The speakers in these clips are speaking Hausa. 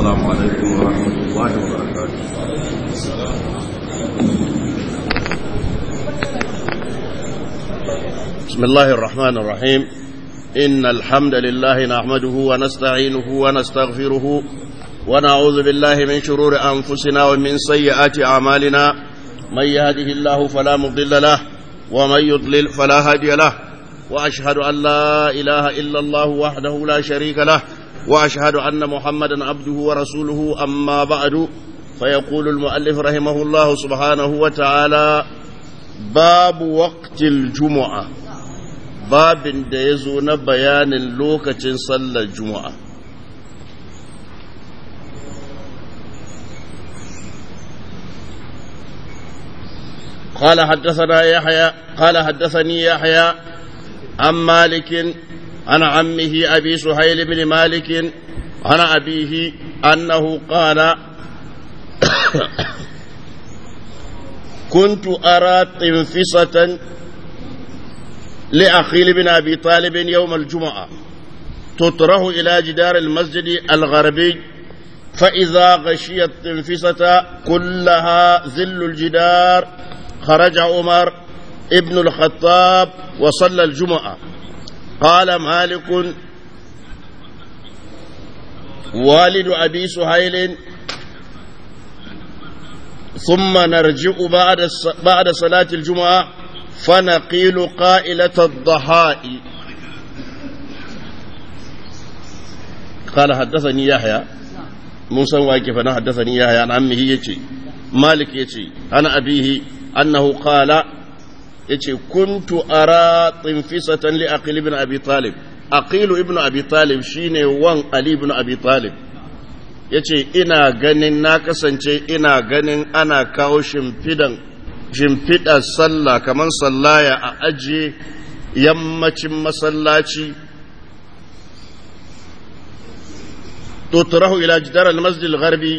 السلام عليكم ورحمة الله وبركاته بسم الله الرحمن الرحيم إن الحمد لله نحمده ونستعينه ونستغفره ونعوذ بالله من شرور أنفسنا ومن سيئات أعمالنا من يهده الله فلا مضل له ومن يضلل فلا هادي له وأشهد أن لا إله إلا الله وحده لا شريك له وأشهد أن محمدا عبده ورسوله أما بعد فيقول المؤلف رحمه الله سبحانه وتعالى باب وقت الجمعة باب ديزون بيان لوكة صلى الجمعة قال حدثنا يحيى قال حدثني يحيى عن مالك عن عمه أبي سهيل بن مالك عن أبيه أنه قال كنت أرى طنفسة لأخيل بن أبي طالب يوم الجمعة تطرح إلى جدار المسجد الغربي فإذا غشيت طنفسه كلها ظل الجدار خرج عمر ابن الخطاب وصلى الجمعة قال مالك والد أبي سهيل ثم نرجع بعد بعد صلاة الجمعة فنقيل قائلة الضحاء قال حدثني يحيى موسى واقف أنا حدثني يحيى عن عمه يجي مالك يجي عن أبيه أنه قال yace kuntu ara tinfisatan li aqil ibn abi talib aqilu ibn abi talib shine wan ali ibn abi talib yace ina ganin na kasance ina ganin ana kawo shimfidan shimfidar sallah kaman sallaya a ajiye yammacin masallaci تطرح إلى جدار المسجد الغربي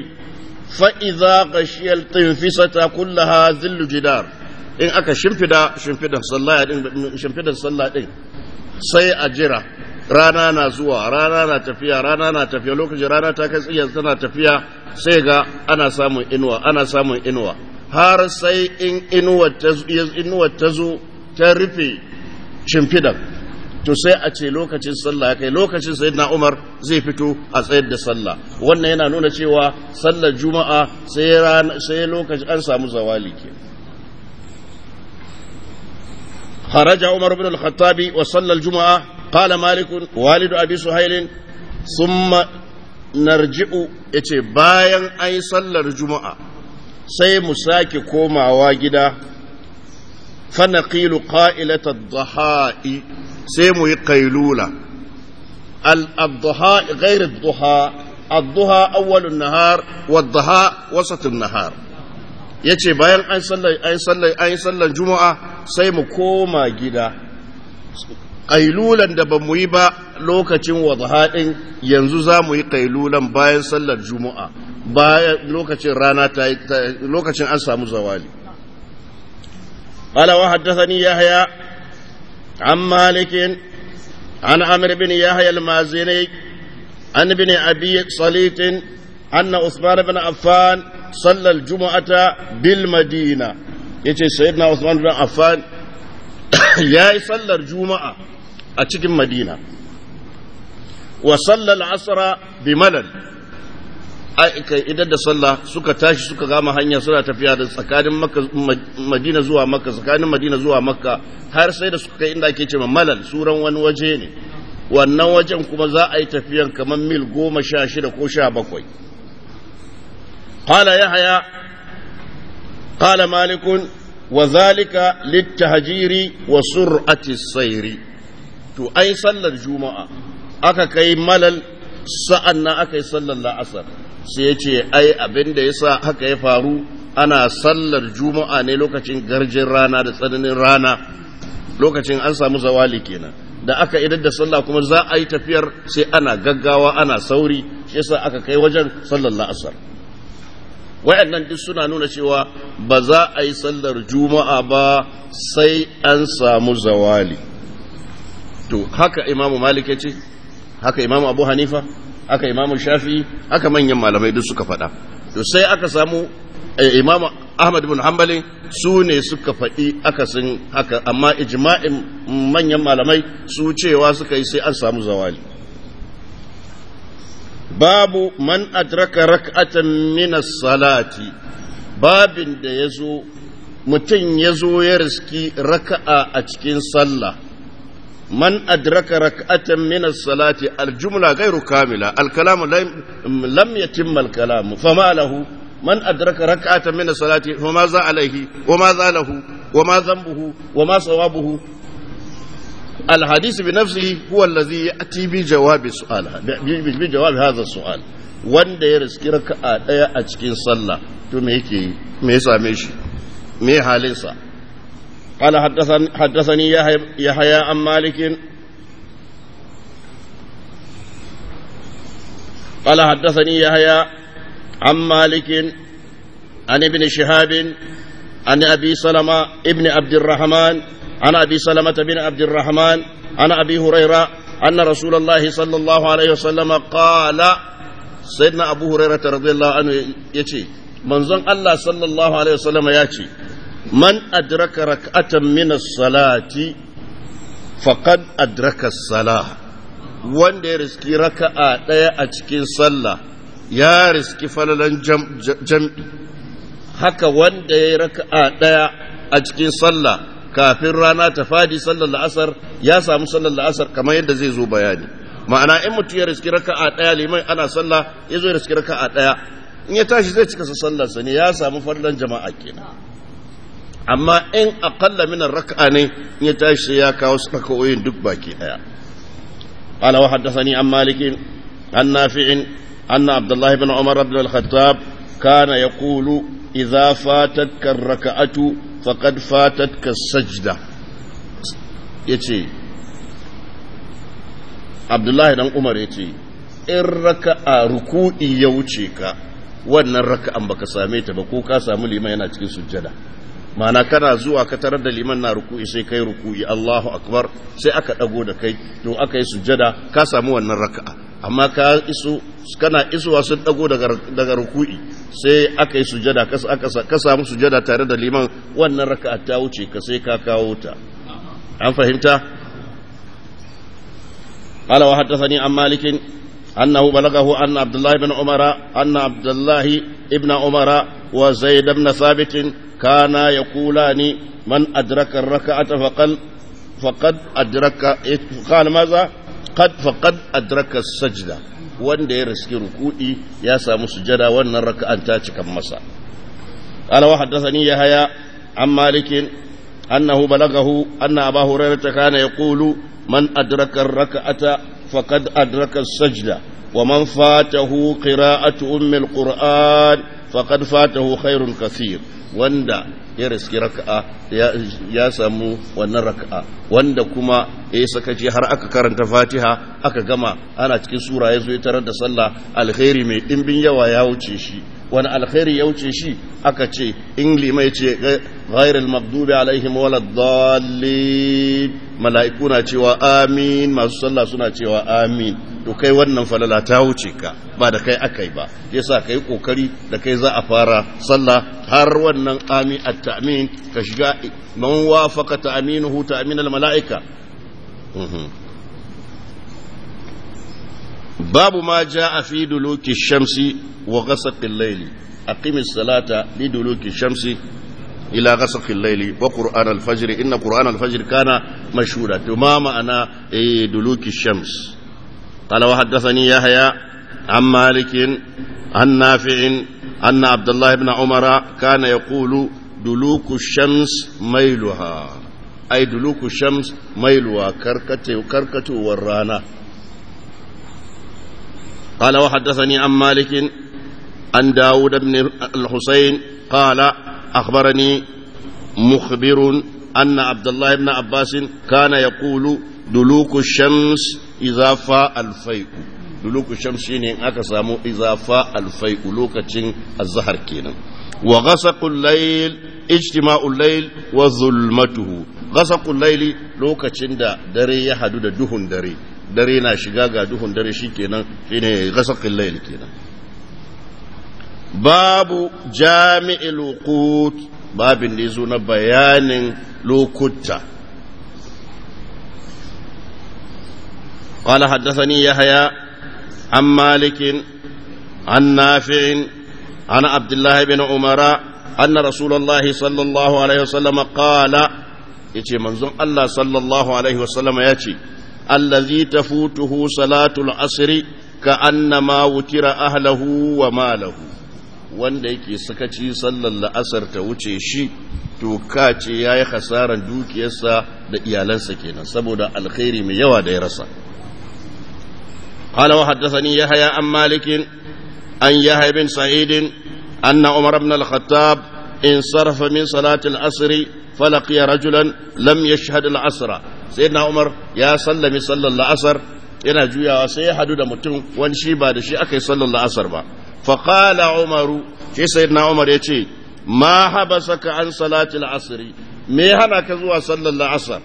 فإذا غشي التنفسة كلها ذل جدار in aka shimfida shimfidan sallah din sai a jira rana na zuwa rana na tafiya rana na tafiya lokacin rana ta kai tsiyan tana tafiya sai ga ana samun inuwa ana samun inuwa har sai in inuwa ta zo ta rufe shimfidan to sai a ce lokacin sallah kai lokacin sai na umar zai fito a tsayar da sallah wannan yana nuna cewa sallar juma'a sai lokacin an samu zawali kenan خرج عمر بن الخطاب وصلى الجمعة قال مالك والد أبي سهيل ثم نرجع يتي باين أي صلى الجمعة سي مساكي كوما واجدا فنقيل قائلة الضحاء سيمو قيلولة الضحاء غير الضحى الضحى أول النهار والضحى وسط النهار ya ce bayan an yi sallar juma'a sai mu koma gida ƙailulan da ba mu yi ba lokacin wadhaɗin yanzu za mu yi ƙailulan bayan sallar juma'a bayan lokacin rana ta lokacin an samu zawali ala wa yahya an malikin an amir bin yahya al-mazini an bin abi salitin anna usman bin affan sallal juma'ata bil madina yace sayyidina Usman bin Affan yayi sallar juma'a a cikin Madina wa sallal asra bi malal idan da sallah suka tashi suka gama hanya suna tafiya da tsakanin madina zuwa makka tsakanin madina zuwa makka har sai da suka kai inda ake cewa malal suran wani waje ne wannan wajen kuma za a yi tafiyan kamar mil goma sha shida ko sha bakwai قال يحيى قال مالك وذلك للتهجير وسرعة السير to ai sallar juma'a aka kai malal sa'an na aka yi sallar la'asar sai ya ce ai abin da ya sa haka ya faru ana sallar juma'a ne lokacin garjin rana da tsananin rana lokacin an samu zawali kenan da aka idan da sallah kuma za a yi tafiyar sai ana gaggawa ana sauri shi yasa aka kai wajen sallar la'asar wayannan duk suna nuna cewa ba za a yi sallar juma'a ba sai an samu zawali to haka imamu malik ya ce haka imamu abu hanifa haka imamu shafi haka manyan malamai duk suka faɗa to sai aka samu eh, imamu ahmad bin hanbali su ne suka faɗi akasin haka amma ijma'in manyan malamai su cewa suka yi sai an samu zawali babu man adraka rak'atan min salati babin da yazo mutum yazo ya riski raka'a a cikin sallah man adraka rak'atan min salati aljumla ghairu kamila alkalamu lam yatimma alkalamu fama lahu man adraka rak'atan min salati wa ma za alaihi wa ma za lahu wa ma dhanbuhu wa ma sawabuhu الحديث بنفسه هو الذي يأتي بجواب السؤال بجواب هذا السؤال wanda ya riski raka'a daya a cikin sallah to me yake me ya same shi me halinsa qala haddathani yahya an malik qala haddathani yahya an malik an ibn shihab an الرحمن عن أبي سلمة بن عبد الرحمن عن أبي هريرة أن رسول الله صلى الله عليه وسلم قال سيدنا أبو هريرة رضي الله عنه يتي من زن الله صلى الله عليه وسلم يأتي من أدرك ركعة من الصلاة فقد أدرك الصلاة wanda ya riski raka'a ɗaya a cikin sallah ya riski falalan jam'i haka wanda ya yi raka'a ɗaya a cikin sallah kafin rana ta fadi sallar la'asar ya samu sallar la'asar kamar yadda zai zo bayani ma'ana in mutum ya riski a daya liman ana sallah ya zo ya riski a daya in ya tashi zai cika sallarsa ne ya samu farlan jama'a kenan amma in aqalla min raka'a ne in ya tashi sai ya kawo raka'o'in duk baki daya قال وحدثني عن مالك عن نافع أن عبد الله بن عمر بن الخطاب كان يقول إذا فاتتك الركعة ka sajida sajda ce Abdullahi dan Umar yace in raka'a ruku'i ya wuce ka wannan raka'an baka same ta ba ko ka samu liman yana cikin sujjada mana kana zuwa ka tarar da liman na ruku'i sai kai ruku'i Allahu akbar sai aka dago da kai to aka yi sujjada ka samu wannan raka'a amma ka iso kana isowa sun dago daga ruku'i sai aka yi sujada ka samu sujada tare da liman wannan raka'a ta wuce ka sai ka kawo ta an fahimta qala wa haddathani an malikin annahu balagahu anna abdullahi ibn umara anna abdullahi ibn umara wa zaid ibn kana yaqulani man adraka ar faƙad adrakar sajida wanda ya riski rukudi ya samu sujada wannan raka'an ta cikin masa alawa haddasa ni ya haya an malikin annahu balagahu anna aba takana ta kana ya kulu man adrakar raka'ata faƙad adrakar sajida wa man fatahu qira'atu ummil qur'an faqad fatahu khairun kathir wanda ya riski raka'a ya samu wannan raka'a wanda kuma ya sakaci har aka karanta fatiha aka gama ana cikin sura ya zo ya tarar da sallah alheri mai ɗimbin yawa ya wuce shi wani alkhairi ya wuce shi aka ce in limai ce ghairul maghdubi alaihim waladdallin mala'iku na cewa amin masu sallah suna cewa amin to kai wannan falala ta wuce ka ba da kai akai ba yasa kai kokari da kai za a fara sallah har wannan amin at-ta'min ka shiga man wafaqa ta'minuhu ta'min al-mala'ika mhm. babu ma a fi duluki shamsi wa ghasaqil layli aqimis salata li duluki shamsi ila ghasaqil layli wa qur'an al-fajr inna qur'an al kana mashhura to ma ma'ana duluki shams qala wa haddathani yahya an malik an nafi' anna abdullah ibn umara kana yaqulu duluku shams mailuha ay karkatowar rana قال وحدثني عن مالك عن داود بن الحسين قال أخبرني مخبر أن عبد الله بن عباس كان يقول دلوك الشمس إذا فاء الفيء دلوك الشمس يعني أكسامو إذا فاء الفيء لوكة الزهر كينا وغسق الليل اجتماع الليل وظلمته غسق الليل لوكة دا دري يحدد دهن دري dare na shiga ga duhun dare shikenan shine ghasaqil layl kenan babu jami'il wuqut babin da yazo na bayanin lokuta قال حدثني يحيى عن مالك عن نافع عن عبد الله بن عمر أن رسول الله صلى الله عليه وسلم قال يتي منزون الله صلى الله عليه وسلم يتي allazi tuhu salatul asri ka annama wutira ahlahu wa malahu wanda yake sakaci sallar la'asar ta wuce shi to ka ce yayi hasaran dukiyarsa da iyalansa kenan saboda alkhairi mai yawa da ya rasa قال وحدثني يحيى عن مالك عن يحيى بن سعيد أن عمر بن الخطاب انصرف من صلاة العصر فلقي رجلا لم يشهد العصر sayyidina umar ya sallami sallar la'asar yana juyawa sai ya hadu da mutum wani shi ba da shi aka yi sallar la'asar ba faƙala umaru shi sayyidina umar ya ce ma habasaka an salati la'asari me hana ka zuwa sallar la'asar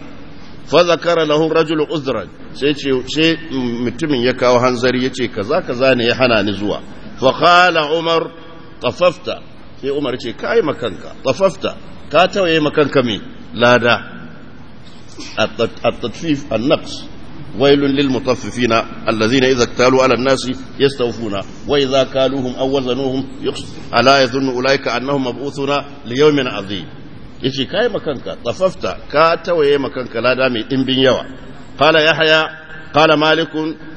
fa zakara lahu rajul uzran sai ce mutumin ya kawo hanzari yace kaza kaza ne ya hana ni zuwa fa umar tafafta sai umar ce kai makanka tafafta ka tawaye makanka me lada التطفيف النقص ويل للمطففين الذين إذا اكتالوا على الناس يستوفون وإذا كالوهم أو وزنوهم يقصد ألا يظن أولئك أنهم مبعوثون ليوم عظيم يشي كاي مكانك طففت كاتوي مكانك لا دامي إن بن يوى قال يحيى قال مالك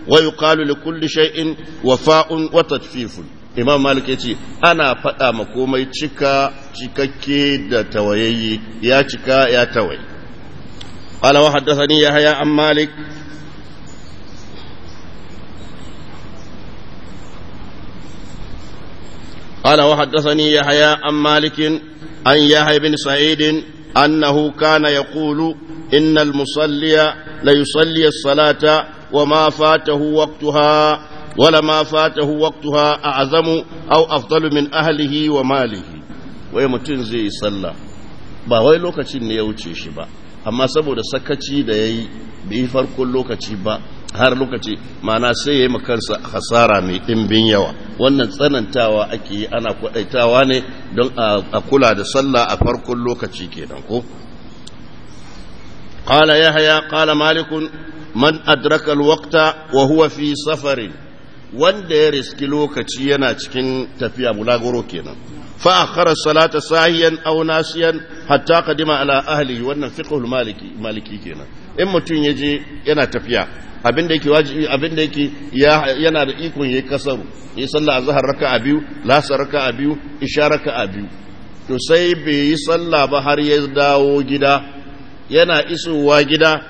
ويقال لكل شيء وفاء وتجفيف imam malik ya ce ana faɗa makomai cika cikakke da tawayayi ya cika ya tawaye قال وحدثني يحيى عن مالك قال وحدثني يحيى عن مالك عن يحيى بن سعيد أنه كان يقول إن المصلي ليصلي الصلاة وما فاته وقتها ولما فاته وقتها أعظم أو أفضل من أهله وماله ويمتنزي صلى ba wai lokacin ne ya wuce shi ba amma saboda sakaci da ya yi bai farkon lokaci ba har lokaci mana sai ya yi makarsa hasara mai ɗimbin yawa wannan tsanantawa ake yi ana kwaɗaitawa ne don a kula da sallah a farkon lokaci kenan ko haya ƙala malikun man adrakal wakta wa huwa fi safarin. wanda ya riski lokaci yana cikin tafiya bulagoro kenan fa akhara salata sahiyan aw nasiyan hatta qadima ala ahli wannan fiqhul maliki maliki kenan in mutun yaje yana tafiya abinda yake wajibi abinda yake yana da ikon yayi kasaru yi sallah azhar raka'a biyu lasar raka'a biyu isha raka'a biyu to sai bai yi sallah ba har ya dawo gida yana isowa gida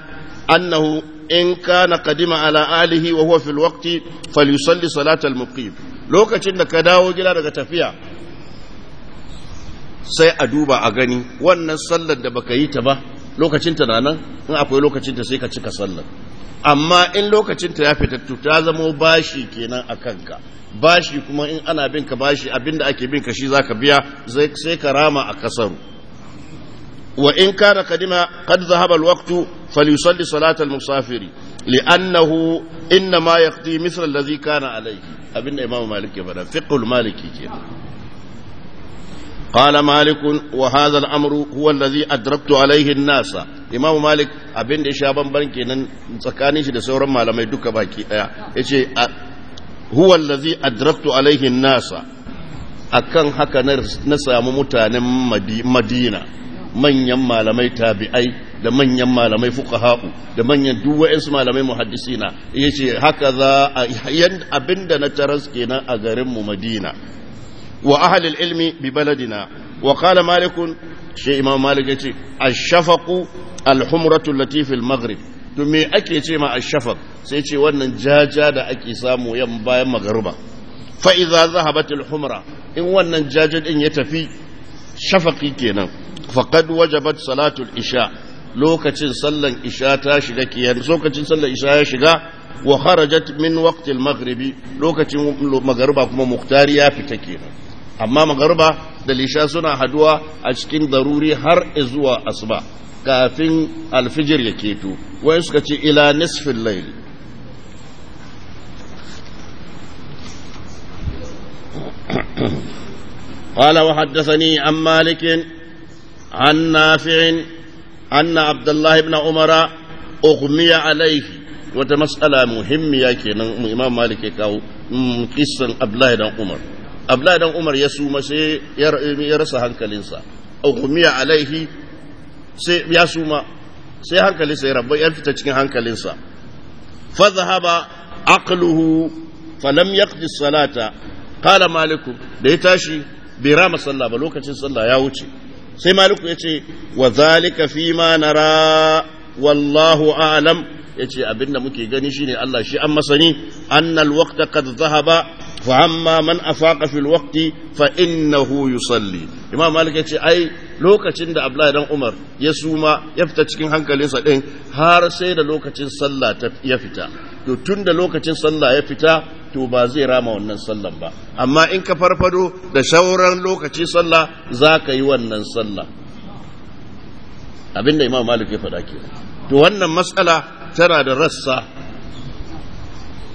annahu in kana kadima ala alihi wa huwa fil waqti falyusalli salatal muqim lokacin da ka dawo gida daga tafiya sai a duba a gani wannan sallar da baka yi ta ba lokacinta na nan in akwai lokacinta sai ka cika sallar amma in lokacin ta ya fitattu ta zamo bashi kenan a kanka bashi kuma in ana bin ka bashi abinda ake bin ka shi zaka biya sai ka rama a kasar. wa in kana kadima kad zahaba فليصلي صلاة المسافر لأنه إنما يقضي مثل الذي كان عليه أبن إمام مالك يبنى فقه المالكي كده قال مالك وهذا الأمر هو الذي أدركت عليه الناس إمام مالك أبن إشابان بانكي نسكاني شد سورا ما لم يدك باكي هو الذي أدركت عليه الناس akan haka na samu mutanen madina manyan malamai tabi'ai da manyan malamai fuqaha'u da manyan duk wa'ansu malamai muhaddisina ce haka za abinda na taras kenan a garin mu Madina wa ahli ilmi bi baladina wa qala malik shi imam malik yace ce a shafaku humratu allati maghrib to me ake ce ma a shafaq sai ce wannan jaja da ake samu yan bayan magruba fa idza zahabat humra in wannan jaja din ya tafi shafaki kenan faqad wajabat salatul isha lokacin sallan isha ta shiga kiyar lokacin sallan isha ya shiga wa kharajat min waqtil maghribi lokacin magariba kuma muktari ya fita kenan amma magariba da isha suna haduwa a cikin daruri har zuwa asuba kafin alfijir ya keto wai suka ce ila nisfin laili قال وحدثني عن مالك عن نافع anna abdullahi ibn umara ughmiya alaihi wata matsala muhimmiya kenan imam malik ya kawo mm, kissan abdullahi dan umar abdullahi dan umar ya suma sai ya rasa hankalinsa ughmiya alaihi sai ya suma sai hankalinsa ya rabba ya fita cikin hankalinsa fa zahaba aqluhu falam yaqdi salata qala malik da ya tashi bai rama ba lokacin sallah ya wuce sai maliku ya ce wa zalika fi ma nara wallahu a'lam ya ce abinda muke gani shine Allah shi an masani annal waqta qad zahaba fa amma man afaqa fil waqti fa innahu yusalli imam malik ya ce ai lokacin da abdullahi dan umar ya suma ya fita cikin hankalinsa din har sai da lokacin sallah ya fita to tun da lokacin sallah ya fita to ba zai rama wannan sallan ba amma in ka farfado da sauran lokaci sallah za ka yi wannan sallah abinda imam malik ya faɗa ke to wannan matsala tana da rassa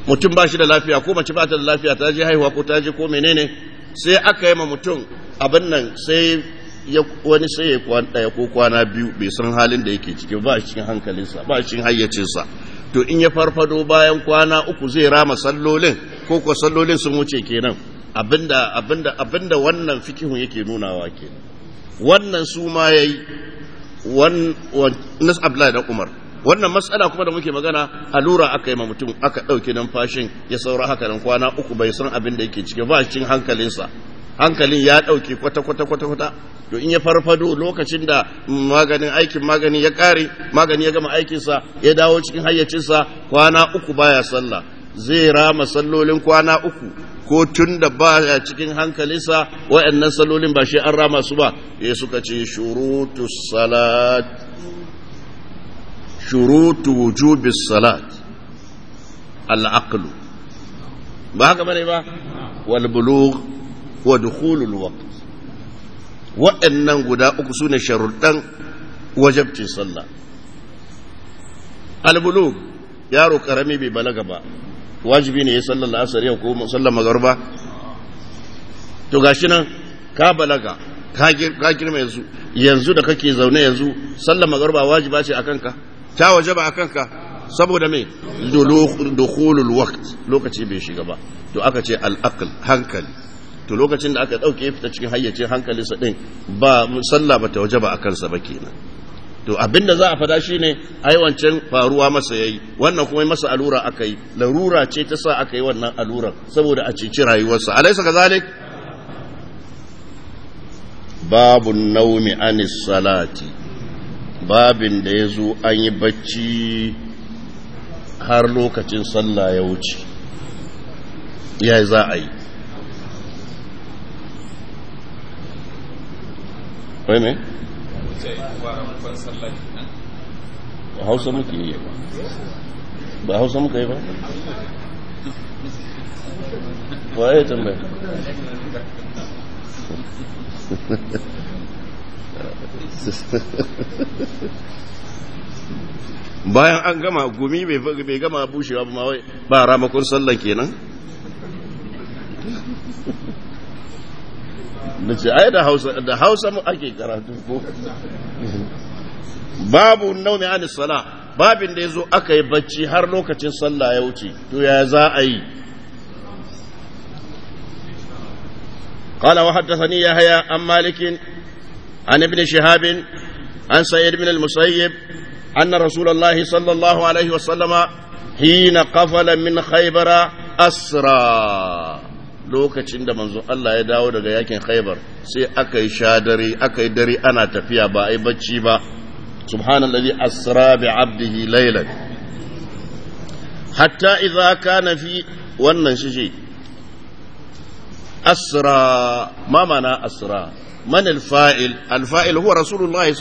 mutum ba shi da lafiya ko mace ba ta da lafiya ta je haihuwa ko ta je ko menene sai aka yi ma mutum abin nan sai wani sai ya kwana ko kwana biyu bai san halin da yake ciki ba cikin hankalinsa ba cikin hayyacinsa to in ya farfado bayan kwana uku zai rama sallolin ko ko sallolin sun wuce kenan abinda abinda abinda wannan fikihun yake nunawa kenan wannan su ma yayi wan nas abdullahi da umar wannan matsala kuma da muke magana alura aka yi ma mutum aka ɗauki numfashin ya saura haka nan kwana uku bai san abin da yake cikin ba cikin hankalinsa hankalin ya ɗauki kwata-kwata-kwata to in ya farfado lokacin da maganin aikin magani ya ƙare magani ya gama aikinsa ya dawo cikin hayyacinsa kwana uku baya sallah zai rama sallolin kwana uku ko tun da baya cikin hankalinsa wa'annan sallolin ba shi an rama su ba ya eh, suka ce shurutu wujubis salat al'aqlu ba haka bane ba wal wa dukhulul waqt waɗannan guda uku sune sharuɗan wajabcin sallah albulug yaro karami bai balaga ba wajibi ne ya sallar la'asar yau ko sallar magarba to gashi nan ka balaga ka girma yanzu yanzu da kake zaune yanzu sallar magarba wajiba ce akan ka ta wajaba akan ka saboda me dukhulul waqt lokaci bai shiga ba to aka ce al hankali to lokacin da aka ɗauke fita cikin hayyacin hankalinsa ɗin ba musalla ba ta waje ba a kansa ba kenan to abin da za a fada shine ai wancan faruwa masa yayi wannan kuma masa alura aka yi larura ce ta sa aka yi wannan alura saboda a cici rayuwarsa alaisa kazalik Babu naumi anis salati babin da ya zo an yi bacci har lokacin sallah ya wuce ya za a yi wai ba hausa muke yi ba ba hausa muke yi ba ba waye tambaya bayan an gama gumi bai gama bushewa ba ma wai ba ramakon sallan kenan da ce ai da hausa da hausa mu ake karatu ko babu naumi an sala babin da yazo aka yi bacci har lokacin sallah ya wuce to ya za a yi قال وحدثني يحيى عن مالك عن ابن شهاب عن سعيد بن المسيب أن رسول الله صلى الله عليه وسلم حين قفل من خيبر أسرى lokacin da manzon Allah ya dawo daga yakin Khaibar sai aka yi shadare aka yi dare ana tafiya ba ai bacci ba subhanallazi asra bi abdihi laylan hatta idza kana fi wannan shi asra ma mana asra man alfa'il alfa'il huwa rasulullahi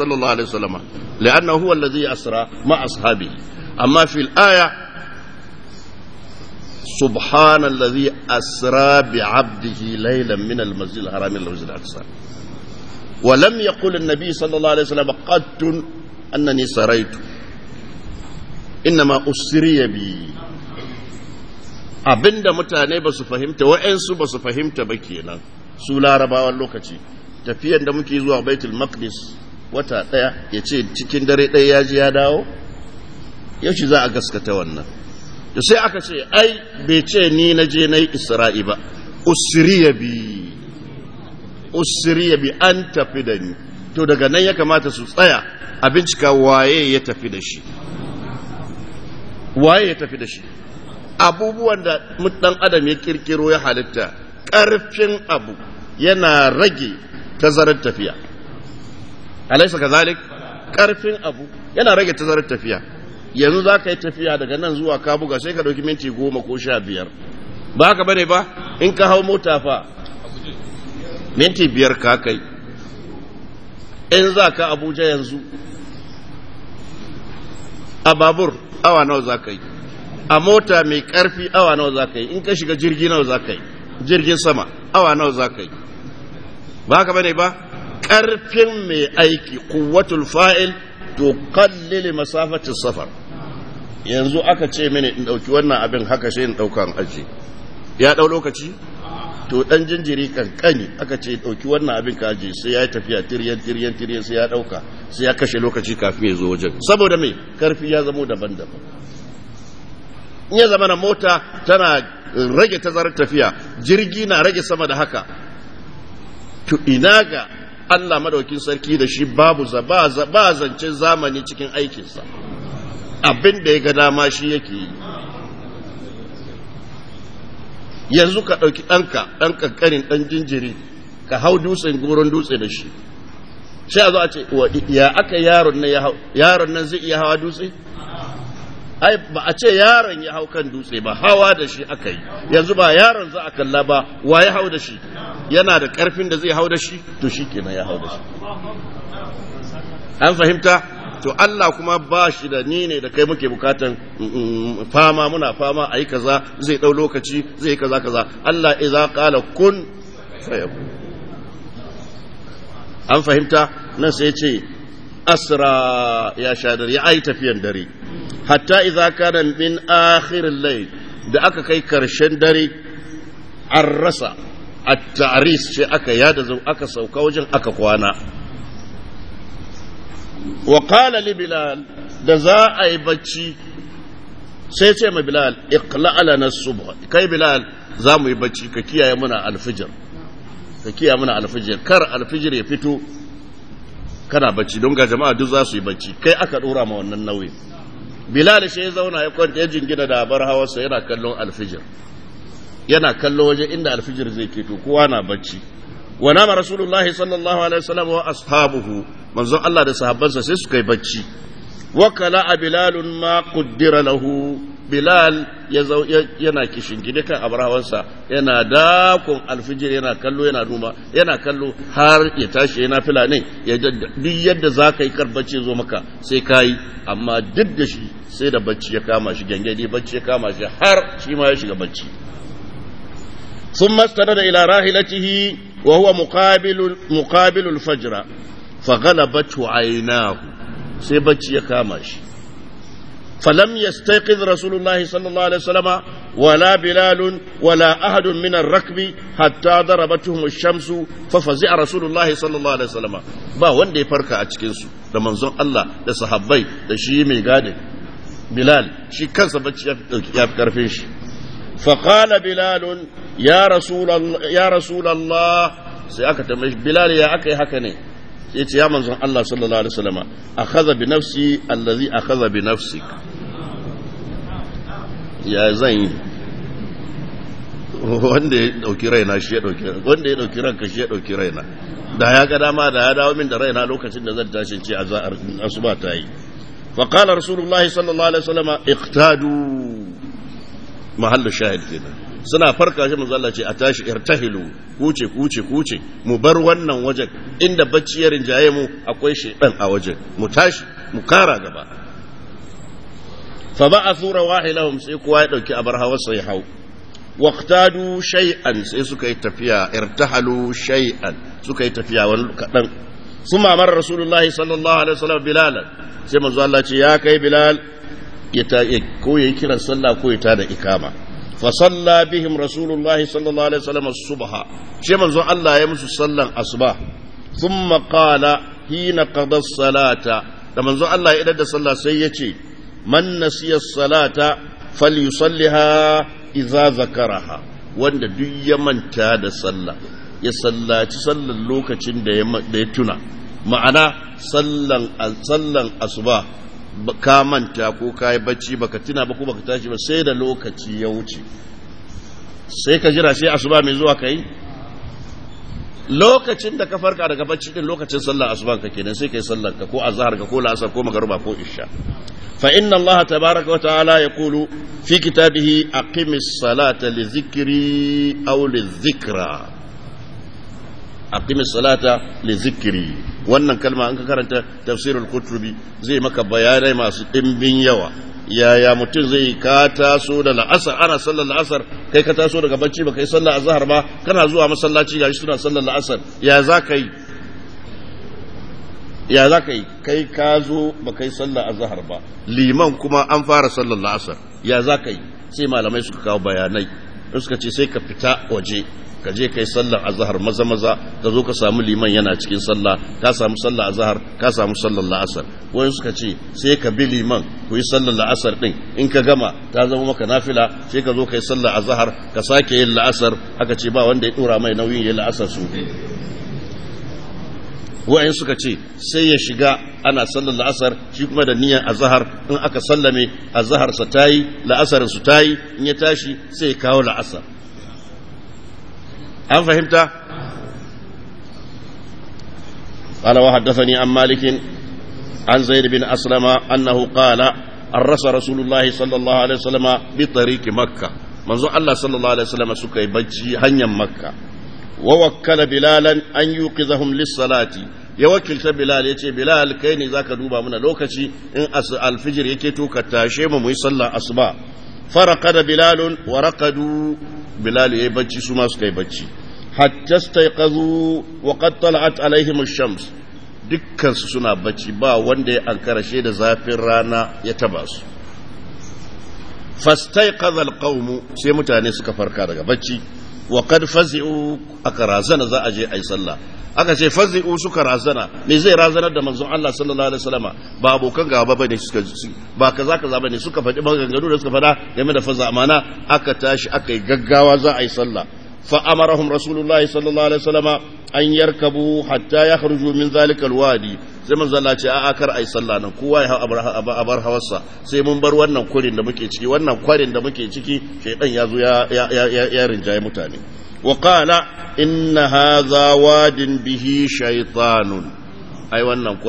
amma fil subhanallazi asra bi abinda mutane ba su fahimta wa'ansu ba su fahimta ba kenan su larabawa lokaci tafiyan da muke zuwa baitul maqdis wata ɗaya ya ce cikin dare ɗaya ya ji ya dawo yaushe za a gaskata wannan sai aka ce ai bai ce ni na je na yi isra'i ba usriya bi usriya bi an tafi da ni to daga nan ya kamata su tsaya a bincika waye ya tafi da shi waye ya tafi da shi abubuwan da mutan adam ya kirkiro ya halitta ƙarfin abu yana rage tazarar tafiya alaisa zalik, ƙarfin abu yana rage tazarar tafiya yanzu za ka yi tafiya daga nan zuwa kabuga sai ka ɗauki minti goma ko sha biyar ba ka bane ba in ka hau mota fa minti biyar ka kai in za ka abuja yanzu a babur awa nawa za ka yi a mota mai ƙarfi awa nawa za ka yi in ka shiga jirgi nawa za ka yi jirgin sama awa nawa za ka yi ba ka bane ba ƙarfin mai aiki kuwatul fa'il to kallile masafatin safar yanzu aka ce mini in ɗauki wannan abin haka shi in ɗaukan aji ya ɗau lokaci to ɗan jinjiri kankani aka ce ɗauki wannan abin ka aji sai ya tafiya tiryan tiryan tiryan sai ya ɗauka sai ya kashe lokaci kafin ya zo wajen saboda me karfi ya zamo daban-daban in ya zama na mota tana rage tazarar tafiya jirgi na rage sama da haka to ina ga Allah madaukin sarki da shi babu zaba zancen zamani cikin aikinsa abin da ya ga dama shi yake yi yanzu ka ɗauki ɗanka ɗan ƙanƙarin ɗan jinjiri ka hau dutsen goron dutse da shi sai a zo a ce ya aka yaron nan ya hau yaron nan zai iya hawa dutse ai ba a ce yaron ya hau kan dutse ba hawa da shi aka yi yanzu ba yaron za a kalla ba wa ya hau da shi yana da ƙarfin da zai hau da shi to shi kenan ya hau da shi an fahimta to Allah kuma ba shi da ni ne da kai muke bukatan mm, mm, fama muna fama ayi kaza zai dau lokaci zai kaza kaza Allah idza qala kun fayakun an fahimta nan sai ce asra ya shadar ya ai tafiyan dare hatta idza kana min akhir al-layl da aka kai karshen dare an rasa a taris sai aka yada aka sauka wajen aka kwana wa qala li bilal da za a yi bacci sai ce ma bilal iqla lana subha kai bilal za mu yi bacci ka kiyaye muna alfijir ka kiyaye muna alfijir kar alfijir ya fito kana bacci don ga jama'a duk za su yi bacci kai aka dora ma wannan nauyi bilal shi ya zauna ya kwanta ya jingina da bar hawarsa yana kallon alfijir yana kallo waje inda alfijir zai keto kowa na bacci wa nama rasulullahi sallallahu alaihi wasallam wa ashabuhu manzon Allah da sahabbansa sai suka yi bacci wakala a bilalun ma kuddira lahu bilal yana kishin gida kan abrahawansa yana dakon alfijir yana kallo yana duma yana kallo har ya tashi yana fila ne duk yadda za ka yi kar bacci zo maka sai ka yi amma duk da shi sai da bacci ya kama shi gangadi bacci ya kama shi har shi ma ya shiga bacci sun mastana da ila rahilatihi wa huwa muqabilul faghalabatu aynahu sai bacci ya kama shi falam yastayqiz rasulullah sallallahu alaihi wasallama wala bilal wala ahad min ar hatta darabatuhum ash-shamsu fa a rasulullah sallallahu alaihi wasallama ba wanda ya farka a cikinsu su da manzon Allah da sahabbai da shi mai gadi bilal shi kansa bacci ya shi فقال بلال يا رسول الله يا رسول الله sai aka tambaye bilal ya aka yi haka ne ya ce ya manzon Allah sallallahu alaihi wasallama akhadha bi nafsi allazi akhadha bi nafsik ya zan yi wanda ya dauki raina shi ya dauki wanda ya dauki ranka shi ya dauki raina da ya ga dama da ya dawo min da raina lokacin da zan tashi ce asuba ta yi fa qala rasulullahi sallallahu alaihi wasallama iqtadu mahallu shahid kenan suna farka shi manzo Allah ce a tashi irtahilu kuce kuce kuce mu bar wannan wajen inda bacciyar ya mu akwai shedan a wajen mu tashi mu kara gaba fa ba'athu rawahilahum sai kowa ya dauki abar hawa sai hau waqtadu shay'an sai suka yi tafiya irtahalu shay'an suka yi tafiya wani kadan suma mar rasulullahi sallallahu alaihi wasallam bilal sai manzo Allah ce ya kai bilal ya ko ya kiran sallah ko ya da ikama فصلى بهم رسول الله صلى الله عليه وسلم الصبح شيء منذ الله يمس صلى الصبح ثم قال حين قضى الصلاة لما منذ الله إذا صلى سيتي من نسي الصلاة فليصلها إذا ذكرها wanda duk ya manta da sallah ya sallaci sallan lokacin da ya tuna ma'ana sallan asuba ka manta ko ka yi bacci baka tuna ba ko baka tashi ba sai da lokaci ya wuce sai ka jira sai asuba mai zuwa ka yi lokacin da ka farka daga bacci din lokacin sallar asuban ka kenan sai kai sallar ka ko azhar ka ko la'asar ko magruba ko isha fa inna Allah tabaaraka wa ta'ala yaqulu fi kitabihi aqimis salata li dhikri aw li dhikra aqimis salata li zikri wannan kalma an ka karanta tafsirul kutubi zai maka bayanai masu dimbin yawa yaya mutum zai ka taso da la'asar ana sallar la'asar kai ka taso daga bacci ba kai sallar azhar ba kana zuwa masallaci gashi suna sallar la'asar ya za ka yi ya za ka yi kai ka zo ba kai sallar azhar ba liman kuma an fara sallar la'asar ya za ka yi sai malamai suka kawo bayanai suka ce sai ka fita waje ka je kai sallar azhar maza maza ka zo ka samu liman yana cikin sallah ka samu sallar azhar ka samu sallar la'asar wani suka ce sai ka bi liman ku yi sallar la'asar din in ka gama ta zama maka nafila sai ka zo kai sallar azhar ka sake yin la'asar aka ce ba wanda ya dora mai nauyin yin la'asar su wa'in suka ce sai ya shiga ana sallar la'asar shi kuma da niyya azahar in aka sallame azaharsa ta yi la'asarinsu ta yi in ya tashi sai ya kawo la'asar an fahimta قال وحدثني عن مالك عن زيد بن أسلم أنه قال الرس رسول الله صلى الله عليه وسلم بطريق مكة منذ الله صلى الله عليه وسلم سكي بجي هنيا مكة ووكل بلالا أن يوقظهم للصلاة ya wakilta Bilal ya ce Bilal kai ne zaka duba mana lokaci in alfijir yake to ka tashe mu muyi sallah asuba faraqada Bilal wa raqadu Bilal bacci suma suka yi bacci hatta staiqazu wa qad tala'at alaihim ash-shams dukkan su suna bacci ba wanda ya ankarashe da zafin rana ya taba su fastaiqaza al-qaum sai mutane suka farka daga bacci wa qad fazi'u aka razana za a je ayi sallah aka ce fazi'u suka razana me zai razanar da manzon Allah sallallahu alaihi wasallama ba abokan gaba bane suka ba kaza kaza bane suka faɗi maganganu da suka faɗa game da faza amana aka tashi aka yi gaggawa za a yi sallah فأمرهم رسول الله صلى الله عليه وسلم أن يركبوا حتى يخرجوا من ذلك الوادي sai mun Allah ce a'a kar ai sallah nan kowa ya a bar hawarsa sai mun bar wannan kurin da muke ciki wannan kwarin da muke ciki shaiɗan ya zo ya ya rinjaye mutane wa qala inna hadha wadin bihi shaytanun ai wannan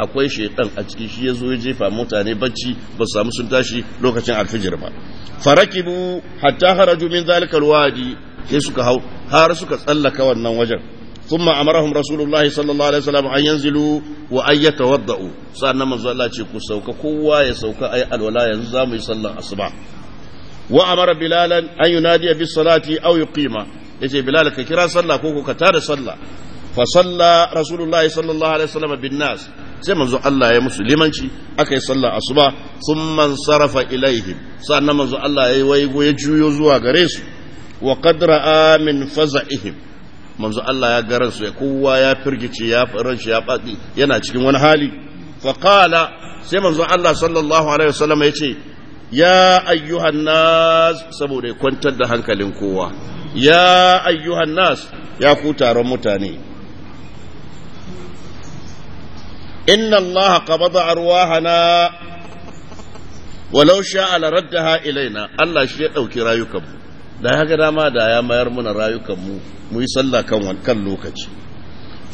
akwai shaiɗan a ciki shi yazo ya jefa mutane bacci ba samu sun tashi lokacin alfijir ba farakibu hatta haraju min zalika wadi. sai suka hau har suka tsallaka wannan wajen ثم امرهم رسول الله صلى الله عليه وسلم ان ينزلوا وان يتوضؤوا alwala yanzu zamu yi sallar asuba wa yace bilal ka kira sallah ko ka tada sallah fa salla sai manzo Allah ya musu limanci aka yi sallar asuba thumma sarrafa ilaihim sannan manzo Allah ya yi waigo ya juyo zuwa gare su wa qad amin faza'ihim manzo Allah ya ga ransu ya kowa ya firgice ya ranshi ya fadi yana cikin wani hali fa sai manzo Allah sallallahu alaihi wasallam ce ya ayyuhan nas saboda ya kwantar da hankalin kowa ya ayyuhan nas ya ku taron mutane inna Allah qabada arwahana walau sha'a la raddaha ilaina Allah shi ya dauki rayukanmu da haka dama da ya mayar muna rayukan mu mu yi sallah kan wankan lokaci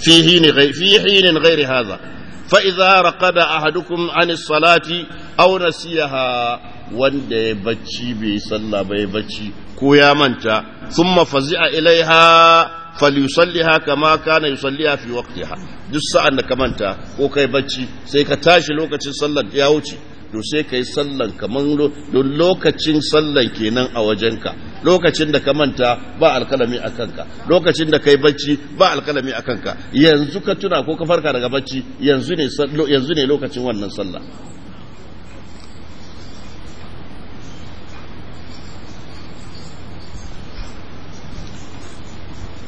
fi hinin gairi haza fa'iza raƙada a hadukun an salati au nasiyaha wanda ya bacci bai sallah bai bacci ko ya manta sun mafazi'a ilaiha falyusalliha kama kana yusalliha fi waqtiha duk sa'an da ka manta ko kai bacci sai ka tashi lokacin sallar ya wuce to sai ka yi sallan kaman don lokacin sallan kenan a wajenka lokacin da ka manta ba alkalami a kanka lokacin da ka yi bacci ba alkalami a kanka yanzu ka tuna ko ka farka daga bacci yanzu ne lokacin wannan sallah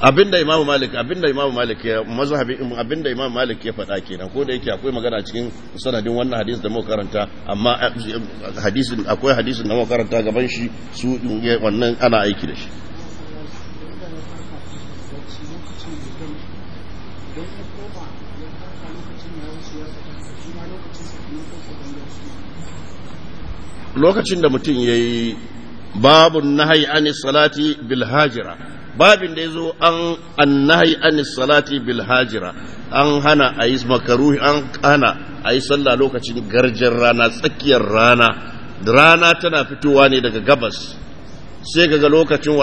abinda imamu malik abinda imamu malik ya mazhabi abinda imamu malik ya faɗa kenan ko da yake akwai magana cikin sanadin wannan hadisi da muka karanta amma eh, hadisin akwai hadisin da muka karanta gaban shi su wannan ana aiki da shi lokacin da mutum ya yi babu nahai an salati bil hajira babin da yazo an annahi an salati bil hajira an hana ayi makaruhi an hana ayi sallah lokacin garjin rana tsakiyar rana rana tana fitowa ne daga gabas sai kaga lokacin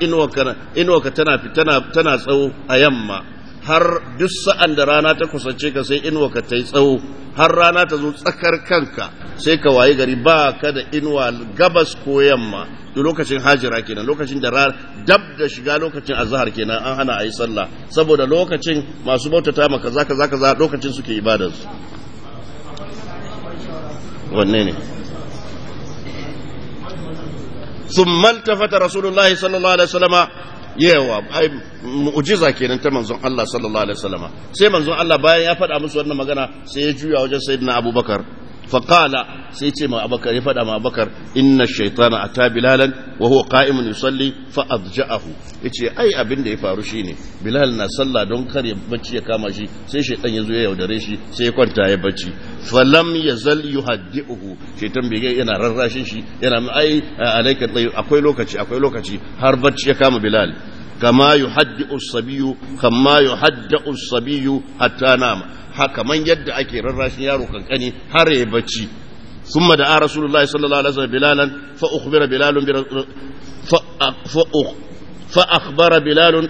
inuwa tana tana tana tsawo a yamma har duk sa'an da rana ta kusance ka sai inuwa ka ta tsawo har rana ta zo tsakar kanka sai ka wayi gari ba ka da inuwa gabas ko yamma da lokacin hajira kenan lokacin da rana dab da shiga lokacin azhar kenan an hana a yi sallah saboda lokacin masu bauta bautata ma kaza kaza kaza lokacin suke ibadarsu wanne ne ثم التفت رسول الله صلى الله عليه وسلم yawa ai mu'jiza kenan ta manzon Allah sallallahu alaihi wasallama sai manzon Allah bayan ya faɗa musu wannan magana sai ya juya wajen sayyidina Abubakar faqala sai ce ma abakar ya faɗa ma abakar inna shaitana ata bilalan wa huwa qa'imun yusalli fa adja'ahu yace ai abin da ya faru shi ne bilal na sallah don kar ya bacci ya kama shi sai shaytan ya zo ya yaudare shi sai ya kwanta ya bacci falam yazal yuhaddihu shaytan bai yana rarrashin shi yana ai alaika akwai lokaci akwai lokaci har bacci ya kama bilal kama yuhaddi'u as-sabiyyu kama yuhaddi'u as haka yadda ake rarrashin yaro kankani har ya bacci summa da a rasulullahi sallallahu alaihi wasallam bilalan fa ukhbira bilalun bi fa fa ukh fa akhbara bilalun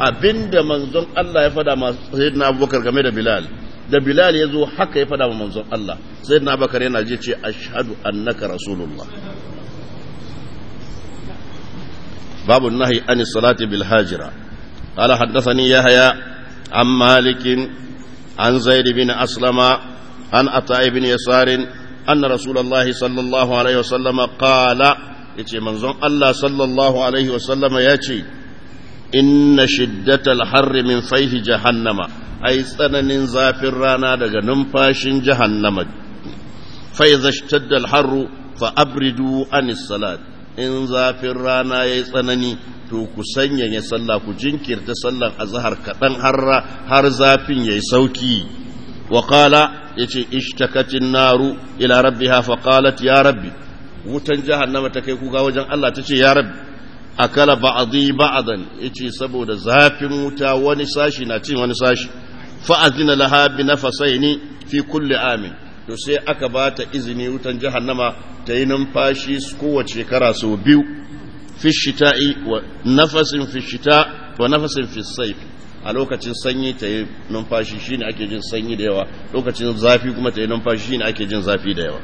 abinda manzon Allah ya fada ma sayyidina abubakar game da bilal da bilal yazo haka ya fada ma manzon Allah sayyidina abubakar yana ce ashhadu annaka rasulullah باب النهي عن الصلاة بالهاجرة قال حدثني يحيى عن مالك عن زيد بن أسلم عن عطاء بن يسار أن رسول الله صلى الله عليه وسلم قال يتي منظم الله صلى الله عليه وسلم يتي إن شدة الحر من فيه جهنم أي سنن زافر رانا دغ نمفاش جهنم فإذا اشتد الحر فأبردوا عن الصلاة in zafin rana ya yi tsanani to ku sanya ya salla ku jinkirta sallan azhar kaɗan har zafin ya sauki wa qala yace ishtakatin naru ila rabbiha fa qalat ya rabbi wutan jahannama ta kai kuka wajen Allah tace ya rabbi akala ba'dhi ba'dan yace saboda zafin wuta wani sashi na cin wani sashi fa azina laha bi nafasaini fi kulli amin to sai aka ba ta izini wutan jahannama ta yi numfashi kowace shekara sau biyu fi shita'i wa nafasin fi shita wa nafasin fi a lokacin sanyi ta yi numfashi ne ake jin sanyi da yawa lokacin zafi kuma ta yi numfashi ne ake jin zafi da yawa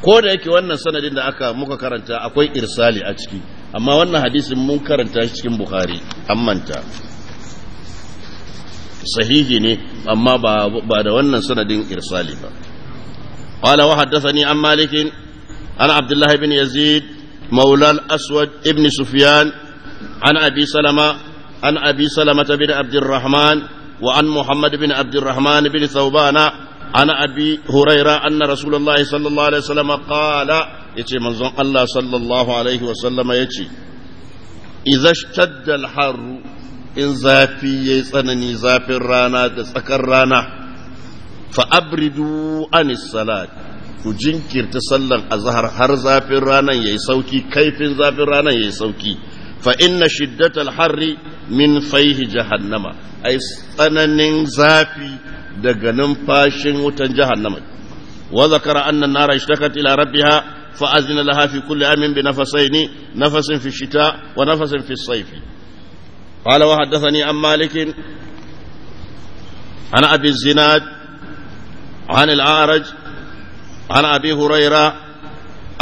ko da yake wannan sanadin da aka muka karanta akwai irsali a ciki amma wannan hadisin mun karanta shi cikin bukhari an manta sahihi ne amma ba da wannan sanadin irsali ba qala wa haddathani an malikin. an abdullah ibn yazid maula aswad ibn sufyan an abi salama an abi salama bin abd الرحمن وعن محمد بن bin الرحمن بن an عن أبي هريرة أن sallallahu alaihi صلى الله عليه وسلم قال يتي منظم الله صلى الله عليه وسلم يتي in zafi ya yi tsanani zafin rana da tsakar rana fa'abridu anis salat ku jinkirta sallan azhar har zafin ranan ya yi sauki kaifin zafin ranan ya yi sauki fa inna shiddatal harri min faihi jahannama ai tsananin zafi daga numfashin wutan jahannama wa zakara anna nara ishtakat ila rabbiha fa azina laha fi kulli amin bi nafasaini nafasin fi shita wa nafasin fi sayfi قال وحدثني عن مالك عن أبي الزناد عن الأعرج عن أبي هريرة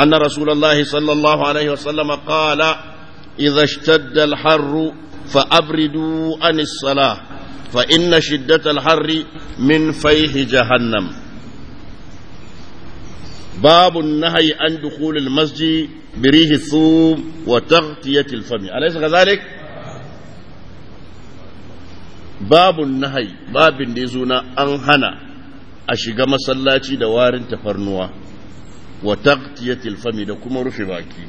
أن رسول الله صلى الله عليه وسلم قال إذا اشتد الحر فأبردوا عن الصلاة فإن شدة الحر من فيه جهنم باب النهي عن دخول المسجد بريه الثوم وتغطية الفم أليس كذلك؟ babun nahai babin da ya zo na an hana a shiga masallaci da warin tafarnuwa wa taqtiyatil fami da kuma rufe baki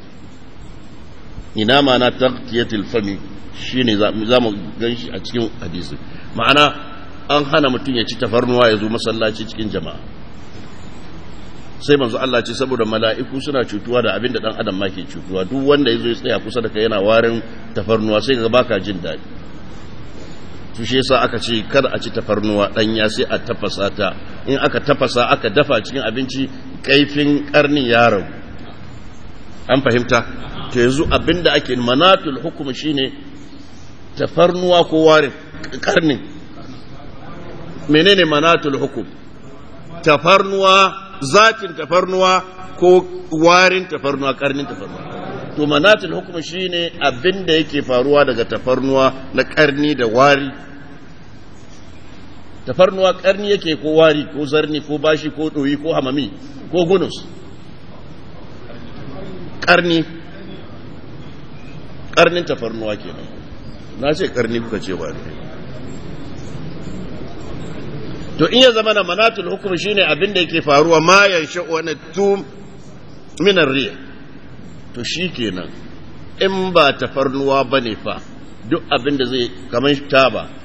ina ma'ana taqtiyatil fami shine za mu ganshi a cikin hadisi ma'ana an hana mutum ya ci tafarnuwa ya zo masallaci cikin jama'a sai manzo Allah ce saboda mala'iku suna cutuwa da abinda da dan adam ma ke cutuwa duk wanda ya zo ya tsaya kusa da kai yana warin tafarnuwa sai ga baka jin daɗi to shi yasa aka ce kar a ci tafarnuwa danya sai a tafasa ta in aka tafasa aka dafa cikin abinci kaifin karni ya ragu an fahimta to yanzu abinda ake manatul hukum shine tafarnuwa ko warin karni menene manatul hukum tafarnuwa zatin tafarnuwa ko warin tafarnuwa karnin tafarnuwa to manatul hukum shine abinda yake faruwa daga tafarnuwa na karni da wari tafarnuwa karni yake ko wari ko zarni ko bashi ko doyi ko hamami ko gunus karni karnin tafarnuwa kenan na ce karni kuka ce wari to in ya zama na manatul hukum shine abin da yake faruwa ma yansha wani tum minar riya to shi kenan in ba tafarnuwa bane fa duk abin da zai kamar taba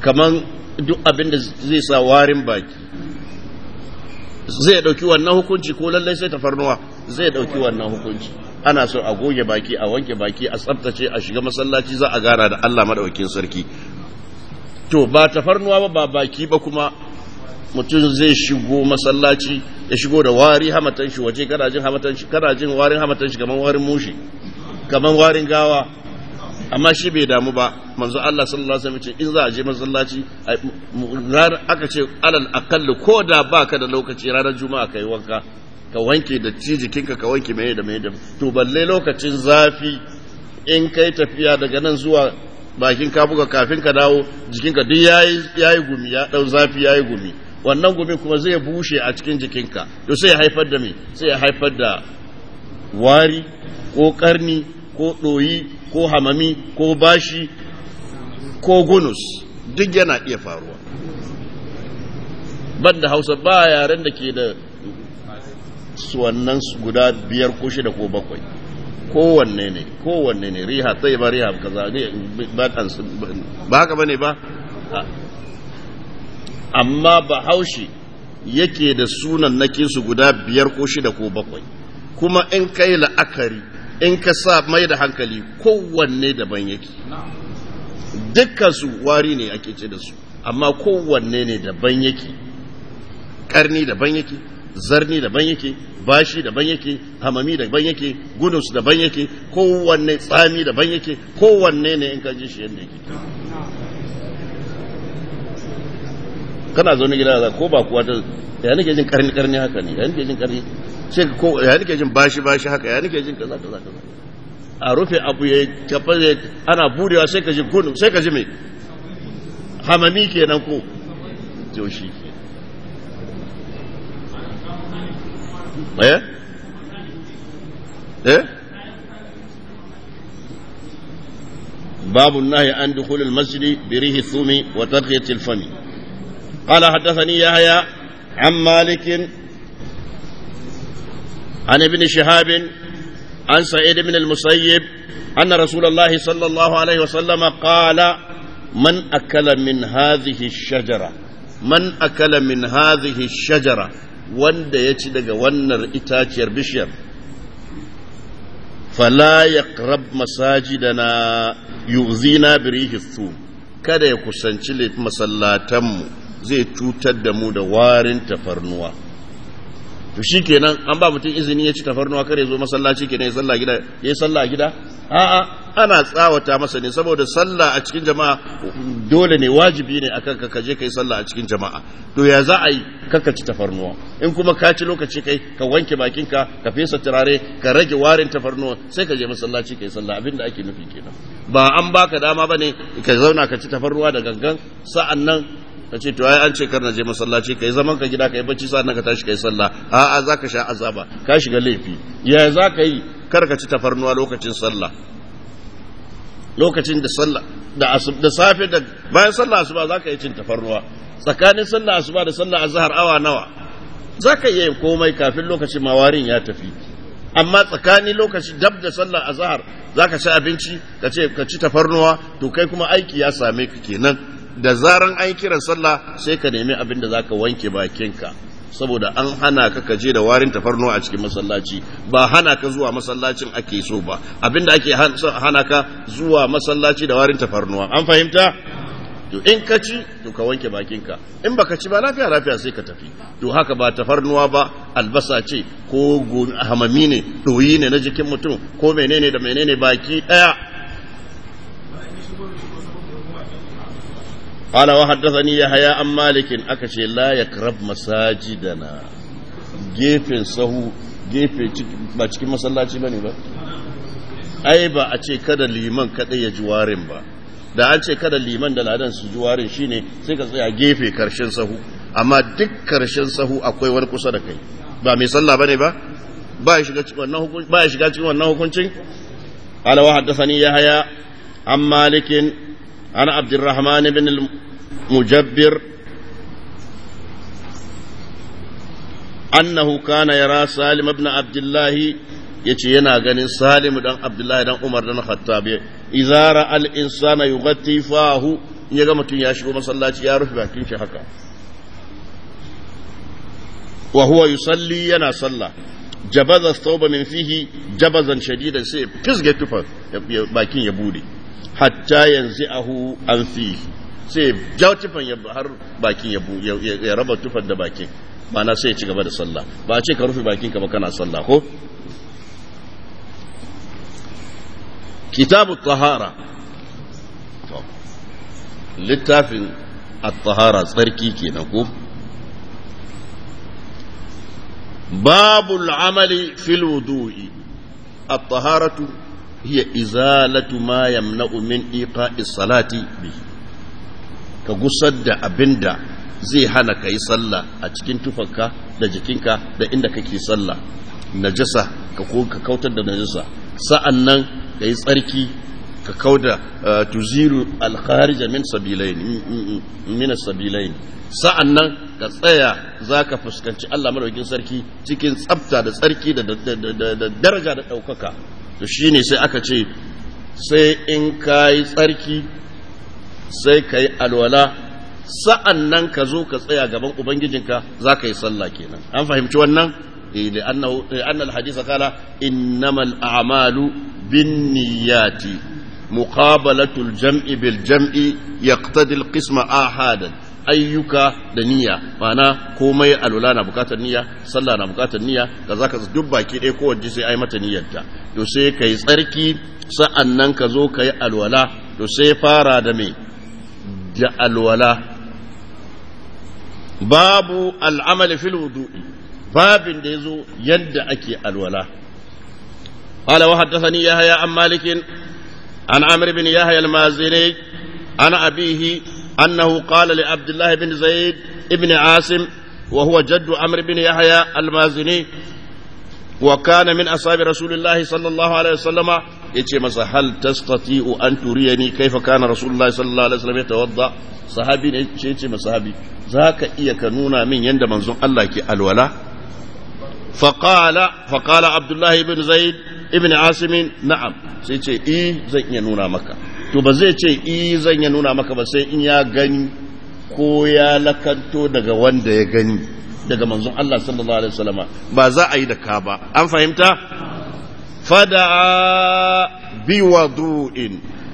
kaman duk abin da zai sa warin baki zai dauki wannan hukunci ko lallai sai ta farnuwa. zai dauki wannan hukunci ana so a goge baki a wanke baki a tsaftace a shiga masallaci za a gara da Allah madaukakin sarki to ba farnuwa ba ba baki ba kuma mutum zai shigo masallaci ya shigo da wari hamatan shi waje kana jin hamatan shi kana jin warin hamatan shi kaman warin mushi kaman warin gawa amma shi bai damu ba manzo Allah sallallahu alaihi wasallam ce in za a je masallaci aka ce alal aqall ko da baka da lokaci ranar juma'a kai wanka ka wanke da ci jikinka ka wanke mai da mai da to balle lokacin zafi in kai tafiya daga nan zuwa bakin ka buga kafin ka dawo jikinka duk yayi yayi gumi ya dau zafi yayi gumi wannan gumi kuma zai bushe a cikin jikinka to sai ya haifar da me sai ya haifar da wari ko karni ko ɗoyi ko hamami ko bashi ko gunus duk yana iya faruwa banda hausa ba yaren da ke da suwannan guda biyar ko shida ko bakwai kowanne ne kowanne ne riha tsaye ba riha kaza ne ba haka ba ne ba amma ba haushi yake da sunan nakinsu guda biyar ko shida ko bakwai kuma in kai la'akari in ka sa mai da hankali kowanne daban yake dukkan su wari ne ake ce da su amma kowanne ne daban yake karni daban yake zarni daban yake bashi daban yake hamami daban yake gudunsu daban yake kowanne tsami daban yake kowanne ne in ka ji shi yadda yake kana zaune gida ko ba kuwa ta ya nake jin karni karni haka ne ya jin karni sai ka ko ya nake jin bashi bashi haka ya nake jin kaza kaza kaza a rufe abu ya kafa ana burewa sai ka ji gudun sai ka ji mai hamami kenan ko joshi eh eh باب النهي عن دخول المسجد بريه الثوم وتغطية الفم قال حدثني يا هيا عن مالك عن ابن شهاب عن سعيد بن المسيب أن رسول الله صلى الله عليه وسلم قال من أكل من هذه الشجرة من أكل من هذه الشجرة wanda ya ci daga wannan itaciyar bishiyar fala ya na masajidana yuzina birihi su kada ya kusanci masallatanmu zai cutar da mu da warin tafarnuwa to shi kenan an ba mutum izini ya ci tafarnuwa kare zo masallaci kenan ya sallah gida ya sallah gida a'a ana tsawata masa ne saboda sallah a cikin jama'a dole ne wajibi ne akan ka kaje kai sallah a cikin jama'a to ya za a yi kaka ci tafarnuwa in kuma ka ci lokaci kai ka wanke bakinka ka fesa turare ka rage warin tafarnuwa sai ka je masallaci kai sallah abin da ake nufi kenan ba an baka dama bane ka zauna ka ci tafarnuwa da gangan sa'annan ka ce to ai an ce kar na je masallaci kai zaman ka gida kai bacci sa'an ka tashi kai sallah a'a zaka sha azaba ka shiga laifi ya zaka yi kar ka ci tafarnuwa lokacin sallah lokacin da sallah da da safe da bayan sallah asuba zaka yi cin tafarnuwa tsakanin sallah asuba da sallah azhar awa nawa zaka iya komai kafin lokacin mawarin ya tafi amma tsakanin lokaci dab da sallar azhar zaka ci abinci ka ce ka ci tafarnuwa to kai kuma aiki ya same ka kenan da zaran an kiran sallah sai ka nemi abin da za ka wanke bakinka saboda an hana ka kaje da warin tafarnuwa a cikin masallaci ba hana ka zuwa masallacin ake so ba abin da ake hana ka zuwa masallaci da warin tafarnuwa an fahimta to in ka ci to ka wanke bakinka in baka ci ba lafiya lafiya sai ka tafi to haka ba tafarnuwa ba albasa ce ko hamami ne doyi ne na jikin mutum ko menene da menene baki daya قال وحدثني يحيى عن مالك أكشي لا يقرب مساجدنا gefen sahu gefe ba cikin masallaci bane ba ai ba a ce kada liman kadai ya ji warin ba da an ce kada liman da ladan su ji warin shine sai ka tsaya gefe karshen sahu amma duk karshen sahu akwai wani kusa da kai ba mai sallah bane ba ba ya shiga cikin wannan hukunci ba ya shiga cikin wannan hukuncin ala wa ya haya an malikin عن عبد الرحمن بن المجبر أنه كان يرى سالم بن عبد الله yace yana ganin Salim dan Abdullahi dan Umar dan Khattabi idza ra'a al-insana yughatti fahu in yaga mutun ya shigo masallaci ya rufe bakin shi haka wa huwa yusalli yana sallah jabaza jabazan shadidan sai ya hatta yanzu ahu an fi sai jawo tufan har bakin ya raba tufan da bakin mana sai ya ci gaba da sallah ba ce ka rufe bakin ka ba kana sallah ko kitabu tahara littafin a tahara tsarki kenan ko babu al'amali fil wudu'i at-taharatu hiya izalatu ma yamna'u min iqa'is salati ka gusar da abinda zai hana ka yi sallah a cikin tufanka da jikinka da inda kake sallah najasa ka ko ka kautar da najasa sa'annan ka yi tsarki ka kauda eh, tuziru alkharija min sabilaini mm, mm, mm, min sabilaini sa'annan ka tsaya zaka fuskanci Allah madaukakin sarki cikin tsafta da tsarki da daraja da ɗaukaka. to ne sai aka ce sai in ka yi tsarki sai ka yi alwala sa'an nan ka zo ka tsaya gaban ubangijinka za ka yi sallah kenan an fahimci wannan لأن الحديث قال amalu الأعمال بالنيات jam'i bil jam'i يقتضي القسم آحادا ayyuka da niyya mana komai alula na bukatar niyya sallah na bukatar niyya da zaka duk baki ɗaya kowace sai ai mata niyyarta to sai kai tsarki sa'annan ka zo kai alwala to sai fara da mai da alwala babu al'amali fil wudu babin da yazo yadda ake alwala قال وحدثني يحيى عن مالك عن عمرو بن يحيى المازني عن أبيه أنه قال لعبد الله بن زيد بن عاصم وهو جد عمرو بن يحيى المازني وكان من أصحاب رسول الله صلى الله عليه وسلم يتي مسا هل تستطيع أن تريني كيف كان رسول الله صلى الله عليه وسلم يتوضأ صحابي يتي يتي صحابي ذاك إياك نونا من يند منزون الله كي الولا فقال فقال عبد الله بن زيد ابن عاصم نعم سيتي إيه زيد ينونا مكة to ba zai ce i zan ya nuna maka ba sai in ya gani ko ya lakanto daga wanda ya gani daga manzon Allah sallallahu alaihi wasallama ba za a yi da ka ba an fahimta bi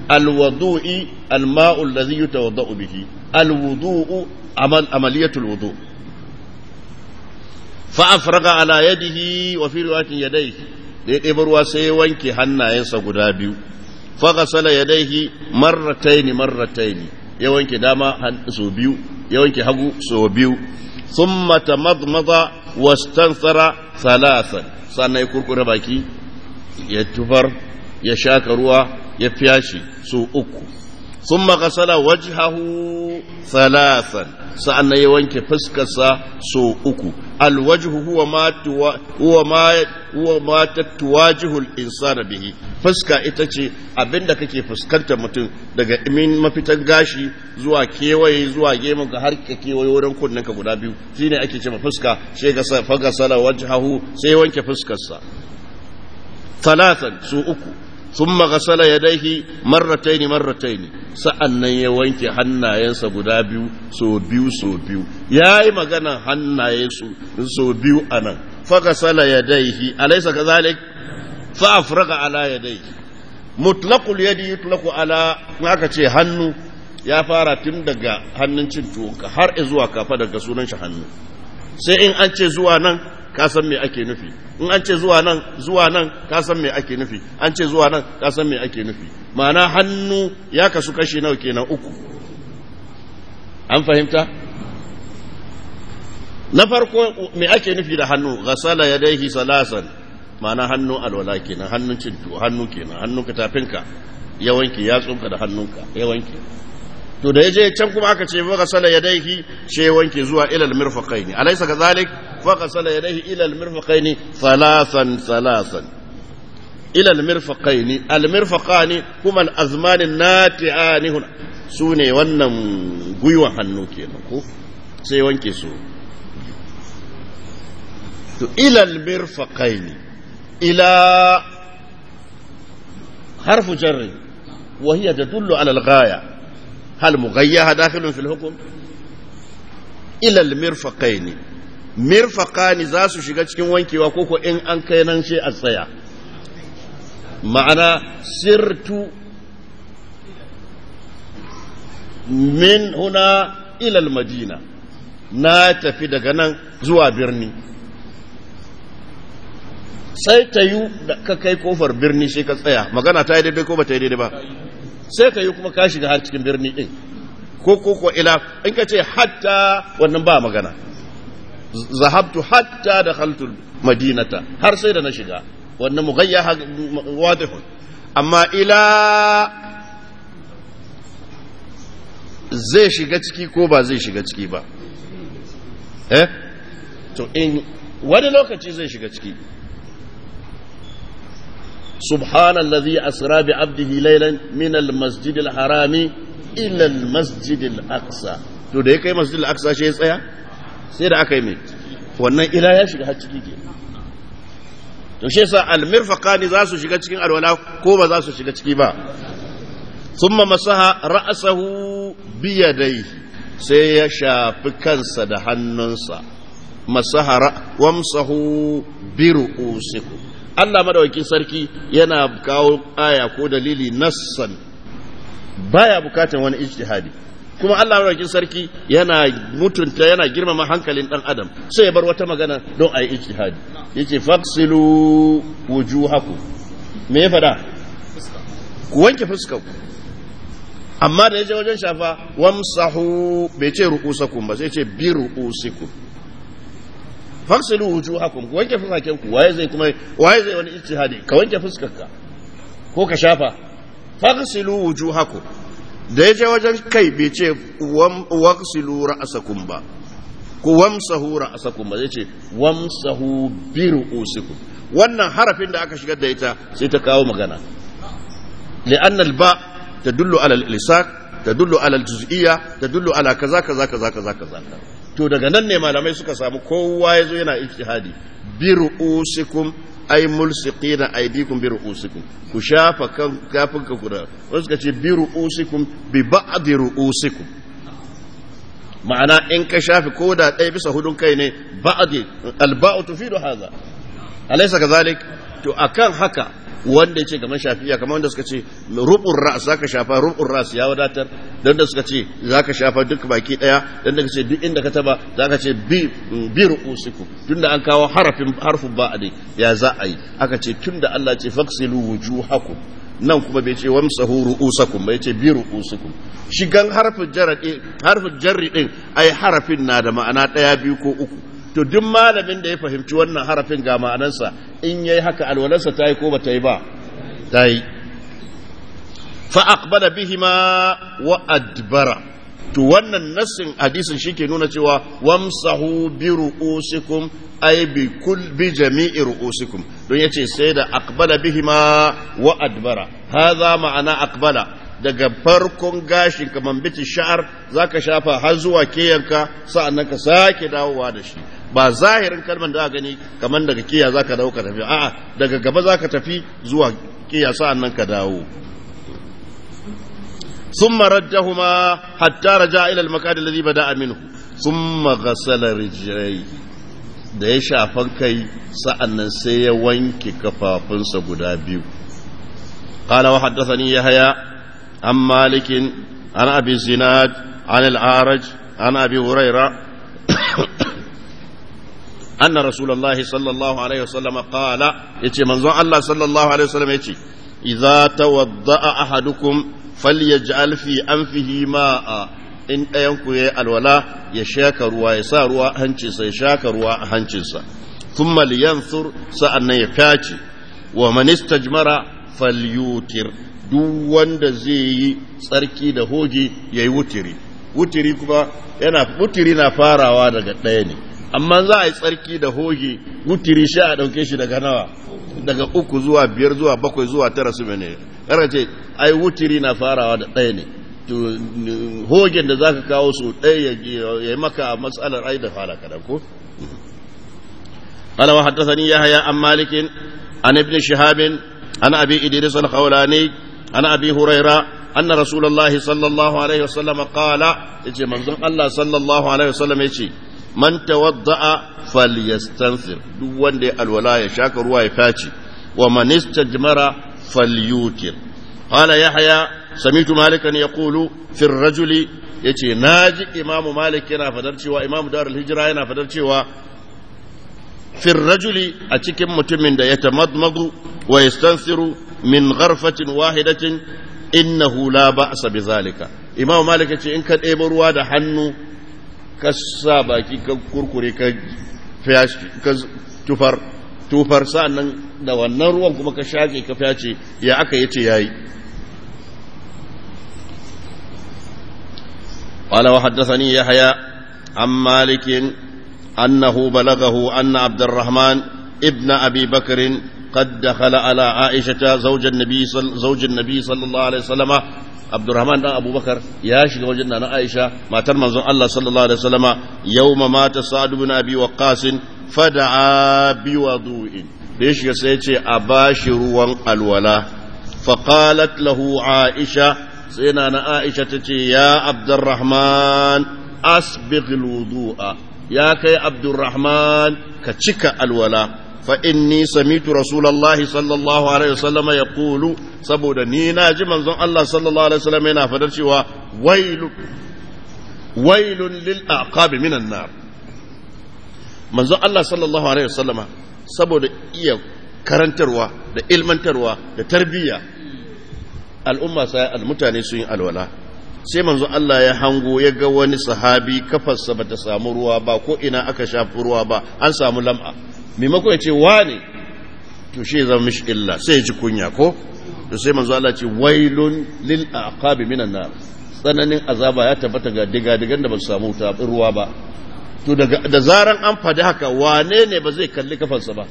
al wudu'i al ma'u alladhi yatawadda'u bihi wudu'u amal al wudu fa afraga ala yadihi wa fi riwayatin yadayhi da ya ɗebi ruwa sai ya wanke hannayensa guda biyu faghasala yadaihi marrataini marrataini ya wanke dama so biyu ya wanke hagu so biyu thumma tamadmada wastanthara thalathan sannan ya kurkure baki ya tufar ya shaka ruwa ya fiyashi su uku sun makasala hahu salasan na ya wanke fuskarsa so uku alwajhu huwa ma tattuwa sa insana bihi fuska ita ce abinda kake fuskantar mutum daga imin mafitan gashi zuwa kewaye zuwa gemu ga har ka kewaye wurin kunninka guda biyu shi ne ake ce ma fuska sai ga faga sala wajhahu sai wanke fuskarsa su uku ثم غسل يديه مرتين مرتين sa'annan ya wanke hannayensa guda biyu so biyu so biyu ya yi magana hannaye so biyu a nan sala ya daihi alaisa ka zalik fa'afraka ala ya daihi mutlaqul yadi yutlaqu ala aka ce hannu ya fara tun daga hannun cin tuwonka har zuwa kafa daga sunan shi hannu sai in an ce zuwa nan ka san me ake nufi in an ce zuwa nan zuwa nan ka san me ake nufi an ce zuwa nan ka san me ake nufi ma'ana hannu ya kasu kashi nawa kenan uku an fahimta na farko me ake nufi da hannu ghasala yadayhi salasan ma'ana hannu alwala kenan hannun cin hannu kenan hannunka tafinka ya wanke yatsunka da hannunka ya wanke to da yaje can kuma aka ce ba sala yadaihi ya wanke zuwa ilal mirfaqaini alaysa kadhalik وغسل يديه إلى المرفقين ثلاثا ثلاثا إلى المرفقين المرفقان هما الأزمان الناتعان هنا سوني ونم قيوة حنوكي سيوانكي سوني إلى المرفقين إلى حرف جر وهي تدل على الغاية هل مغيها داخل في الحكم إلى المرفقين mirfaqani za su shiga cikin wankewa koko in an kai nan sai a tsaya ma'ana sirtu min huna ilal madina na tafi daga nan zuwa birni sai ta yi ka kai kofar birni sai ka tsaya magana ta yi daidai ko ba ta yi daidai ba sai ka yi kuma ka shiga har cikin birni din ko ko ko ila in ka ce hatta wannan ba magana zahabtu hatta da haltul madinata har sai da na shiga wannan mughayya wadihun amma ila zai shiga ciki ko ba zai shiga ciki ba eh to in wani lokaci zai shiga ciki سبحان الذي أسرى بعبده ليلا من المسجد الحرام إلى المسجد الأقصى to da ya kai masjid al-aqsa shi ya tsaya sai da aka yi mai wannan ila ya shiga har ciki ke to shi yasa almirfaqani za su shiga cikin alwala ko ba za su shiga ciki ba thumma masaha ra'sahu bi yadayhi sai ya shafi kansa da hannunsa masahara wamsahu bi ru'usikum Allah madawakin sarki yana kawo aya ko dalili nassan baya bukatan wani ijtihadi kuma Allah rarrakin sarki yana mutunta yana girmama hankalin dan adam sai ya bar wata magana don a yi ijtihadi yace faksilu wujuhaku me ya fada ku wanke fuskar ku amma da yaje wajen shafa wamsahu bai ce ru'usakum ba sai ce bi ru'usikum faksilu wujuhakum ku wanke fuskar ku waye zai kuma waye zai wani ijtihadi ka wanke fuskar ka ko ka shafa faksilu wujuhakum da ya je wajen kai bai ce waksilu ra'asakum ba ku wamsahu ra'asakum ba zai ce wamsahu biru usiku. wannan harafin da aka shigar da ita sai ta kawo magana li'anna al-ba ta ala alal ilsaq ta ala alal juziyya tadullu ala kaza kaza kaza kaza kaza to daga nan ne malamai suka samu kowa yazo yana ijtihadi biru ru'usikum ai mulsiqina aydikum bi ru'usikum ku shafa kan kafin ka kuda wasu ka ce bi ru'usikum bi ba'd ru'usikum ma'ana in ka shafi koda ɗaya bisa hudun kai ne ba'd alba'u tufidu hadha alaysa kadhalik to akan haka wanda ya ce kamar shafiya kamar wanda suka ce rubun za ka shafa rubun ra'as ya wadatar don da suka ce za ka shafa duk baki daya don da ce duk inda ka taba ka ce bi bi tun tunda an kawo harafin harfin ba ne ya za a yi aka ce tun da Allah ce faksilu wujuhakum nan kuma bai ce wamsahu ru'usakum bai ce bi ru'usakum shigan harfin jarri harfin ai harafin na da ma'ana ɗaya biyu ko uku to duk malamin da ya fahimci wannan harafin ga ma'anarsa in yayi haka alwalarsa ta yi ko ba ta yi ba ta yi fa'aqbala bihima wa adbara to wannan nassin hadisin ke nuna cewa wamsahu bi ru'usikum ay bi kull bi jami'i ru'usikum don yace sai da aqbala bihima wa adbara hadha ma'ana aqbala daga farkon gashin kaman biti sha'ar zaka shafa har zuwa keyanka sa'annan ka sake dawowa da shi ba zahirin kalmar da gani kamar daga kiya zaka dawo ka tafi a'a daga gaba zaka tafi zuwa kiya sa'an nan ka dawo ثم hatta حتى رجع إلى المكان da بدأ Sun ثم غسل رجليه da ya shafan kai sa'annan sai ya wanke kafafunsa guda biyu qala wa ya yahya an malik an abi zinad an al-araj an abi huraira anna rasulullahi sallallahu alaihi wasallam qala yace manzon Allah sallallahu alaihi wasallam yace idza tawadda'a ahadukum falyaj'al fi anfihi in ɗayanku ku yayi alwala ya shaka ruwa ya sa ruwa a hancinsa ya shaka ruwa a hancinsa thumma liyanthur sa'annan ya fyace wa man istajmara falyutir duk wanda zai yi tsarki da hoji yayi wutiri wutiri wutiri na farawa daga ɗaya ne amma za a yi tsarki da hoge gutiri sha a ɗauke shi daga nawa daga uku zuwa biyar zuwa bakwai zuwa tara su ne ƙarar ce ai wutiri na farawa da ɗaya ne To hogen da za ka kawo su ɗaya ya yi maka matsalar ai da fara kaɗan ko ana wahata sani ya haya an malikin an ibn shihabin an abin idris al khawlani an abi huraira anna rasulullahi sallallahu alaihi wasallam qala yace manzon Allah sallallahu alaihi wasallam ce. man tawadda'a falyastanfir duk wanda ya alwala ya shaka ruwa ya faci wa man istajmara falyutir qala yahya samitu malikan yaqulu fi ar-rajuli yace naji imamu malik yana fadar cewa imamu darul hijra yana fadar cewa fi rajuli a cikin mutumin da ya tamadmagu wa yastansiru min gharfatin wahidatin innahu la ba'sa bi zalika imamu malik yace in ka ɗebo ruwa da hannu ka sa baki ka kurkure ka tufar tufar da wannan ruwan kuma ka shaƙe ka fyace ya aka yace yayi wala wa haddathani yahya an malikin annahu balagahu anna abdurrahman ibn abi bakr قد Aishata, على عائشة زوج النبي, صل... زوج النبي صلى الله عليه وسلم abdurrahman dan abubakar ya shiga wajen nana aisha matar manzon Allah sallallahu alaihi wasallama yawma mata sa'd ibn abi waqqas fada'a bi wudu'in da ya shiga sai ya ce a bashi ruwan alwala faqalat lahu aisha sai nana aisha ta ce ya abdurrahman asbigh alwudu'a ya kai abdurrahman ka cika alwala فإني سميت رسول الله صلى الله عليه وسلم يقول سبود نينا جمن الله صلى الله عليه وسلم ينا فدرشي ويل ويل للأعقاب minan النار manzon Allah sallallahu alaihi wasallama saboda iya karantarwa da ilmantarwa da tarbiyya al'umma sai al mutane sun yi alwala sai manzo Allah ya hango ya ga wani sahabi kafarsa bata samu ruwa ba ko ina aka shafi ruwa ba an samu lam'a maimakon ya ce ne? to shi zama mishi illa sai ya ji kunya ko to sai manzo Allah ce wailun lil aqabi minan nar tsananin azaba ya tabbata ga diga-digan da ba samu samu ruwa ba to da zaran an fadi haka wane ne ba zai kalli kafarsa ba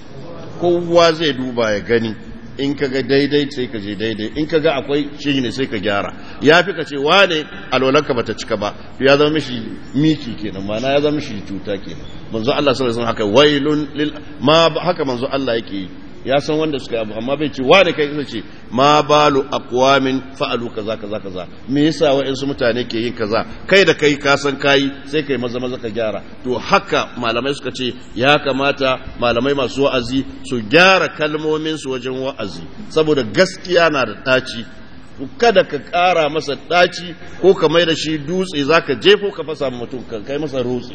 kowa zai duba ya gani in ka ga daidai sai ka je daidai in ka ga akwai shi ne sai ka gyara ya fi ka ce wa wane alwalarka ba ta cika ba ya zama mishi miki kenan mana ya zama mishi cuta kenan manzo Allah sallallahu alaihi wasallam haka wailun lil ma haka manzo Allah yake yi ya san wanda suka abu amma bai ce wa da kai ce ma balu akwamin fa'alu kaza kaza kaza me yasa wa’insu mutane ke yin kaza kai da kai kasan kayi sai kai maza maza ka gyara to haka malamai suka ce ya kamata malamai masu wa'azi su gyara kalmominsu wajen wa'azi saboda gaskiya na da ɗaci. kada ka ƙara masa ɗaci ko ka mai da shi dutse za ka jefo ka fasa mutum kan kai masa rutse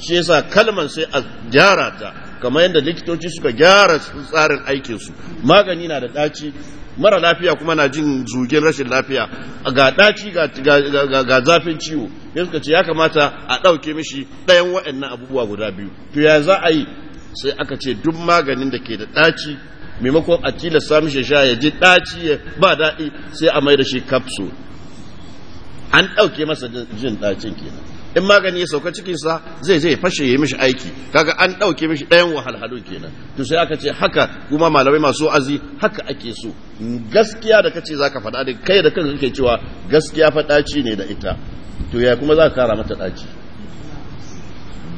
shi yasa kalman sai a gyara ta kamar yadda likitoci suka gyara tsarin aikinsu magani na da ɗaci mara lafiya kuma na jin zugin rashin lafiya ga ɗaci ga zafin ciwo ya suka ce ya kamata a ɗauke mishi ɗayan waɗannan abubuwa guda biyu to ya za a yi sai aka ce duk maganin da ke da ɗaci maimakon a tilasta mishi sha ya ji ɗaci ya ba daɗi sai a mai da shi kapsul an ɗauke masa jin ɗacin kenan in magani ya sauka cikinsa zai zai fashe ya yi mishi aiki kaga an ɗauke mishi ɗayan wahalhalu kenan to sai aka ce haka kuma malamai masu azi haka ake so gaskiya da kace zaka faɗa da kai da kanka kake cewa gaskiya faɗaci ne da ita to ya kuma za ka kara mata ɗaci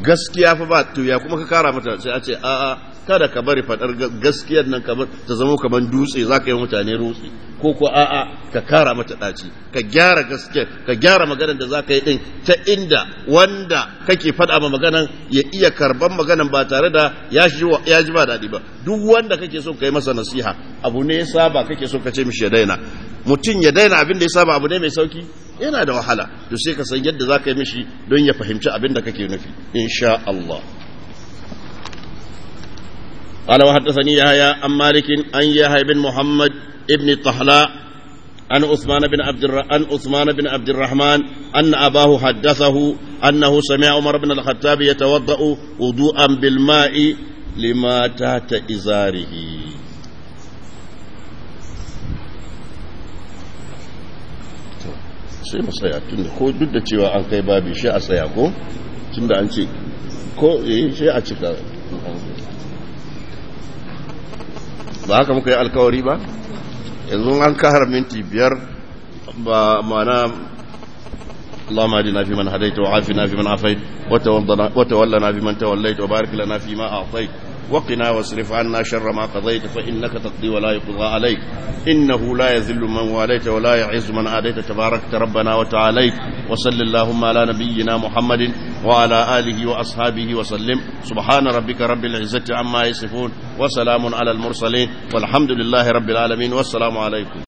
gaskiya fa ba to ya kuma ka kara mata sai a ce a'a kada ka bari fadar gaskiyar nan kamar ta zama kamar dutse za ka yi mutane rutsi ko ko a'a ka kara mata daci ka gyara gaskiyar ka gyara maganar da za ka yi din ta inda wanda kake fada ma maganar ya iya karban maganar ba tare da ya ji ba daɗi ba duk wanda kake so ka yi masa nasiha abu ne ya saba kake so ka ce mishi ya daina mutum ya daina abin da ya saba abu ne mai sauki yana da wahala to sai ka san yadda za ka yi mishi don ya fahimci abin da kake nufi insha Allah قال وحدثني يحيى عن مالك عن يحيى بن محمد ابن طحلاء عن عثمان بن عبد الر... عن عثمان بن عبد الرحمن أن أباه حدثه أنه سمع عمر بن الخطاب يتوضأ وضوءا بالماء لما تحت إزاره sai mu tsaya tun ko duk da cewa an kai babi shi a tsaya ko tun da an ce ko eh shi a cika ba haka muka yi alkawari ba yanzu an kahar minti biyar ba mana اللهم اهدنا هديت وعافنا عافيت وتولنا توليت وبارك لنا فيما اعطيت وقنا واصرف عنا شر ما قضيت فإنك تقضي ولا يقضى عليك إنه لا يذل من واليت ولا يعز من عاديت تباركت ربنا وتعاليت وصل اللهم على نبينا محمد وعلى آله وأصحابه وسلم سبحان ربك رب العزة عما يصفون وسلام على المرسلين والحمد لله رب العالمين والسلام عليكم